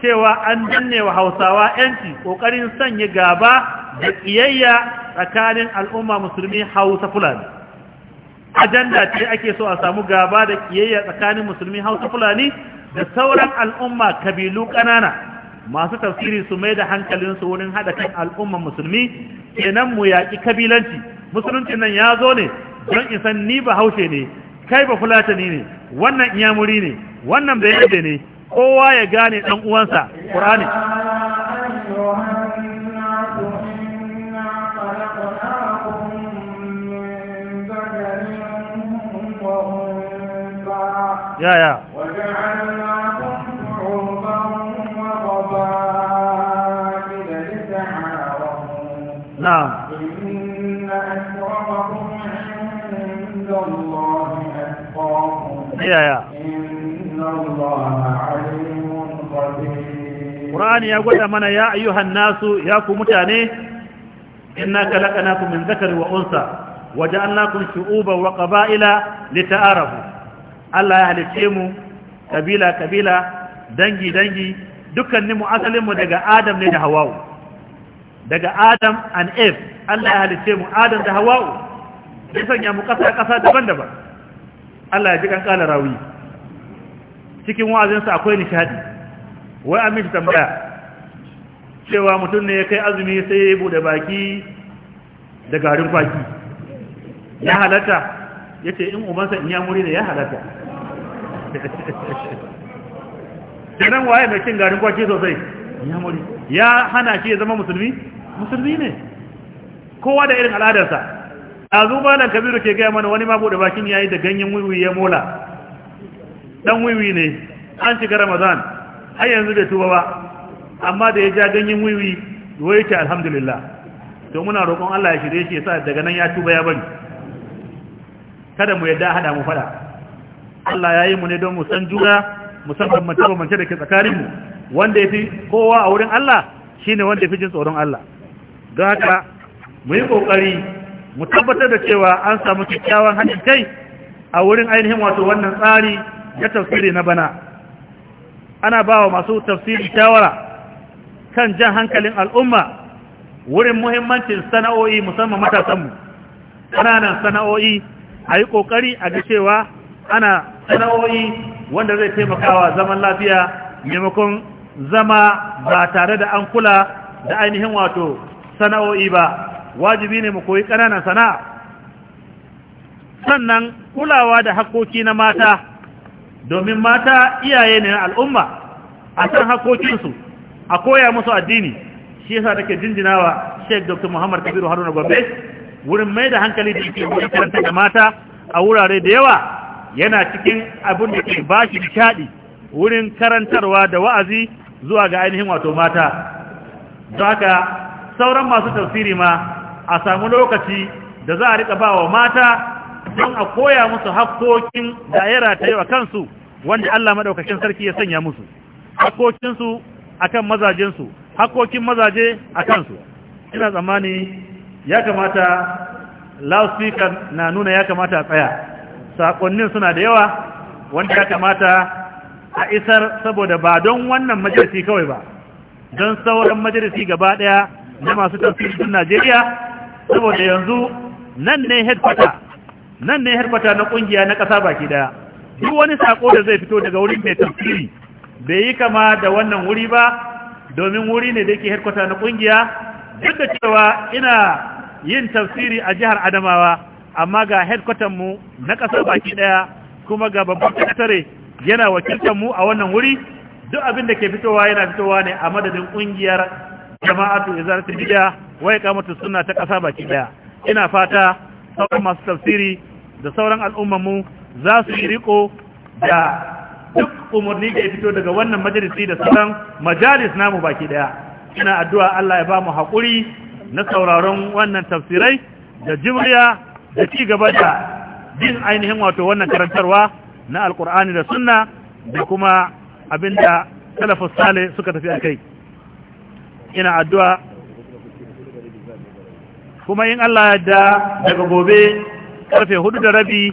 cewa an danne wa hausawa yanci ƙoƙarin sanya gaba da ƙiyayya tsakanin al'umma musulmi hausa fulani ajanda ce ake so a samu gaba da ƙiyayya tsakanin musulmi hausa fulani da sauran al'umma kabilu ƙanana masu tafsiri su mai da hankalinsu wurin haɗa kan al'umman musulmi kenan mu yaƙi kabilanci musuluncin nan ya zo ne don isan ni ba haushe ne kai ba fulatani ne wannan iyamuri ne wannan bai yadda ne kowa ya gane ɗan uwansa ƙur'ani ya ya نعم إن أكرمكم عند الله أتقاكم يا يا إن الله عليم قدير قرآن يقول من يا أيها الناس ياكم متاني إنا خلقناكم من ذكر وأنثى وجعلناكم شعوبا وقبائل لتعارفوا Allah ya halice mu kabila kabila dangi dangi dukkaninmu asalinmu daga Adam ne da Hawwa daga adam and eve Allah ya halice mu adam da hawa'u ya sanya mu kasa ƙasa daban-daban Allah ya ji ƙanƙalar rawi cikin wa'azinsa akwai nishadi wai amince tambaya cewa mutum ne ya kai azumi sai ya buɗe baki da garin kwaki ya halata ya ce in ubansa in ya muri da ya halata da nan waye mai cin garin kwaki sosai ya hana shi ya zama musulmi musulmi ne kowa da irin al'adarsa a zuba nan kabiru ke gaya mana wani mabuɗe bakin yayi da ganyen wiwi ya mola dan wiwi ne an shiga ramadan har yanzu bai tuba ba amma da ya ja ganyen wiwi wai yake alhamdulillah to muna roƙon Allah ya shirye shi ya sa daga nan ya tuba ya bari kada mu yadda hada mu fada Allah ya yi mu ne don mu san juna mu san bambance mace da ke tsakaninmu wanda ya fi kowa a wurin Allah Shi ne wanda ya fi jin tsoron Allah don haka mu yi ƙoƙari mu tabbatar da cewa an samu kyakkyawan haɗin kai a wurin ainihin wato wannan tsari ya tafsiri na bana ana ba wa masu tafsiri shawara kan jan hankalin al'umma wurin muhimmancin sana'o'i musamman matasanmu ƙananan sana'o'i a yi ƙoƙari a ga cewa ana sana'o'i wanda zai taimakawa zaman lafiya maimakon zama ba tare da an kula da ainihin wato sana'o'i ba wajibi ne mu koyi ƙananan sana'a sannan kulawa da hakoki na mata domin mata iyaye ne na al'umma a san hakokinsu a koya musu addini shi yasa take jinjinawa Sheikh Dr. Muhammad Kabiru Haruna Gombe wurin mai da hankali da yake wurin karanta da mata a wurare da yawa yana cikin abin da ke bashi nishaɗi wurin karantarwa da wa'azi zuwa ga ainihin wato mata don haka sauran masu tafsiri ma a samu lokaci da za a rika ba wa mata don a koya musu hakkokin da ya yi wa kansu wanda Allah madaukakin sarki ya sanya musu hakkokinsu akan mazajensu hakkokin mazaje a kansu ina tsammani ya kamata loudspeaker na nuna ya kamata a tsaya sakonnin suna da yawa wanda ya kamata a isar saboda ba don wannan majalisi kawai ba don sauran majalisi gaba daya na masu tafsirin Najeriya saboda yanzu nan ne headquarter nan ne headquarter na kungiya na kasa baki daya duk wani sako da zai fito daga wurin mai tafsiri bai yi kama da wannan wuri ba domin wuri ne da yake headquarter na kungiya duk da cewa ina yin tafsiri a jihar Adamawa amma ga headquarter mu na kasa baki daya kuma ga babban sakatare yana wakiltar mu a wannan wuri duk abin da ke fitowa yana fitowa ne a madadin ƙungiyar jama'atu izarati bid'a wa kamata suna ta ƙasa baki daya ina fata sauran masu tafsiri da sauran al'ummar mu za su yi riko da duk umarni da ya fito daga wannan majalisi da sauran majalis namu baki daya ina addu'a Allah ya ba mu haƙuri na sauraron wannan tafsirai da jimriya da ci gaba da jin ainihin wato wannan karantarwa na alkur'ani da sunna da kuma abinda salafus sale suka tafi a kai ina addu'a kuma in Allah ya da daga gobe karfe hudu da rabi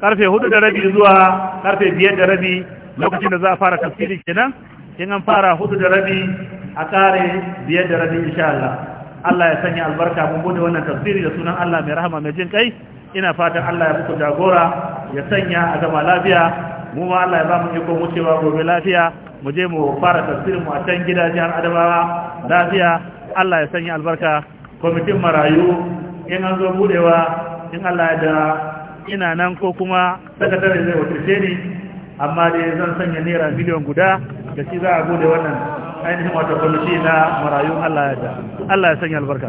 karfe hudu da rabi zuwa karfe biyar da rabi lokacin da za a fara tafsiri kenan in an fara hudu da rabi a kare biyar da rabi insha Allah Allah ya sanya albarka mun bude wannan tafsiri da sunan Allah mai rahama mai jin kai ina fatan Allah ya muku jagora ya sanya a zama lafiya mu ma Allah ya ba mu iko wucewa gobe lafiya mu je mu fara tafsirin mu a can gida jihar Adamawa lafiya Allah ya sanya albarka kwamitin marayu in an zo budewa in Allah ya da ina nan ko kuma sakatare zai wakilce ni amma dai zan sanya naira miliyan guda da shi za a bude wannan ainihin wata kwamiti na marayu Allah ya da Allah ya sanya albarka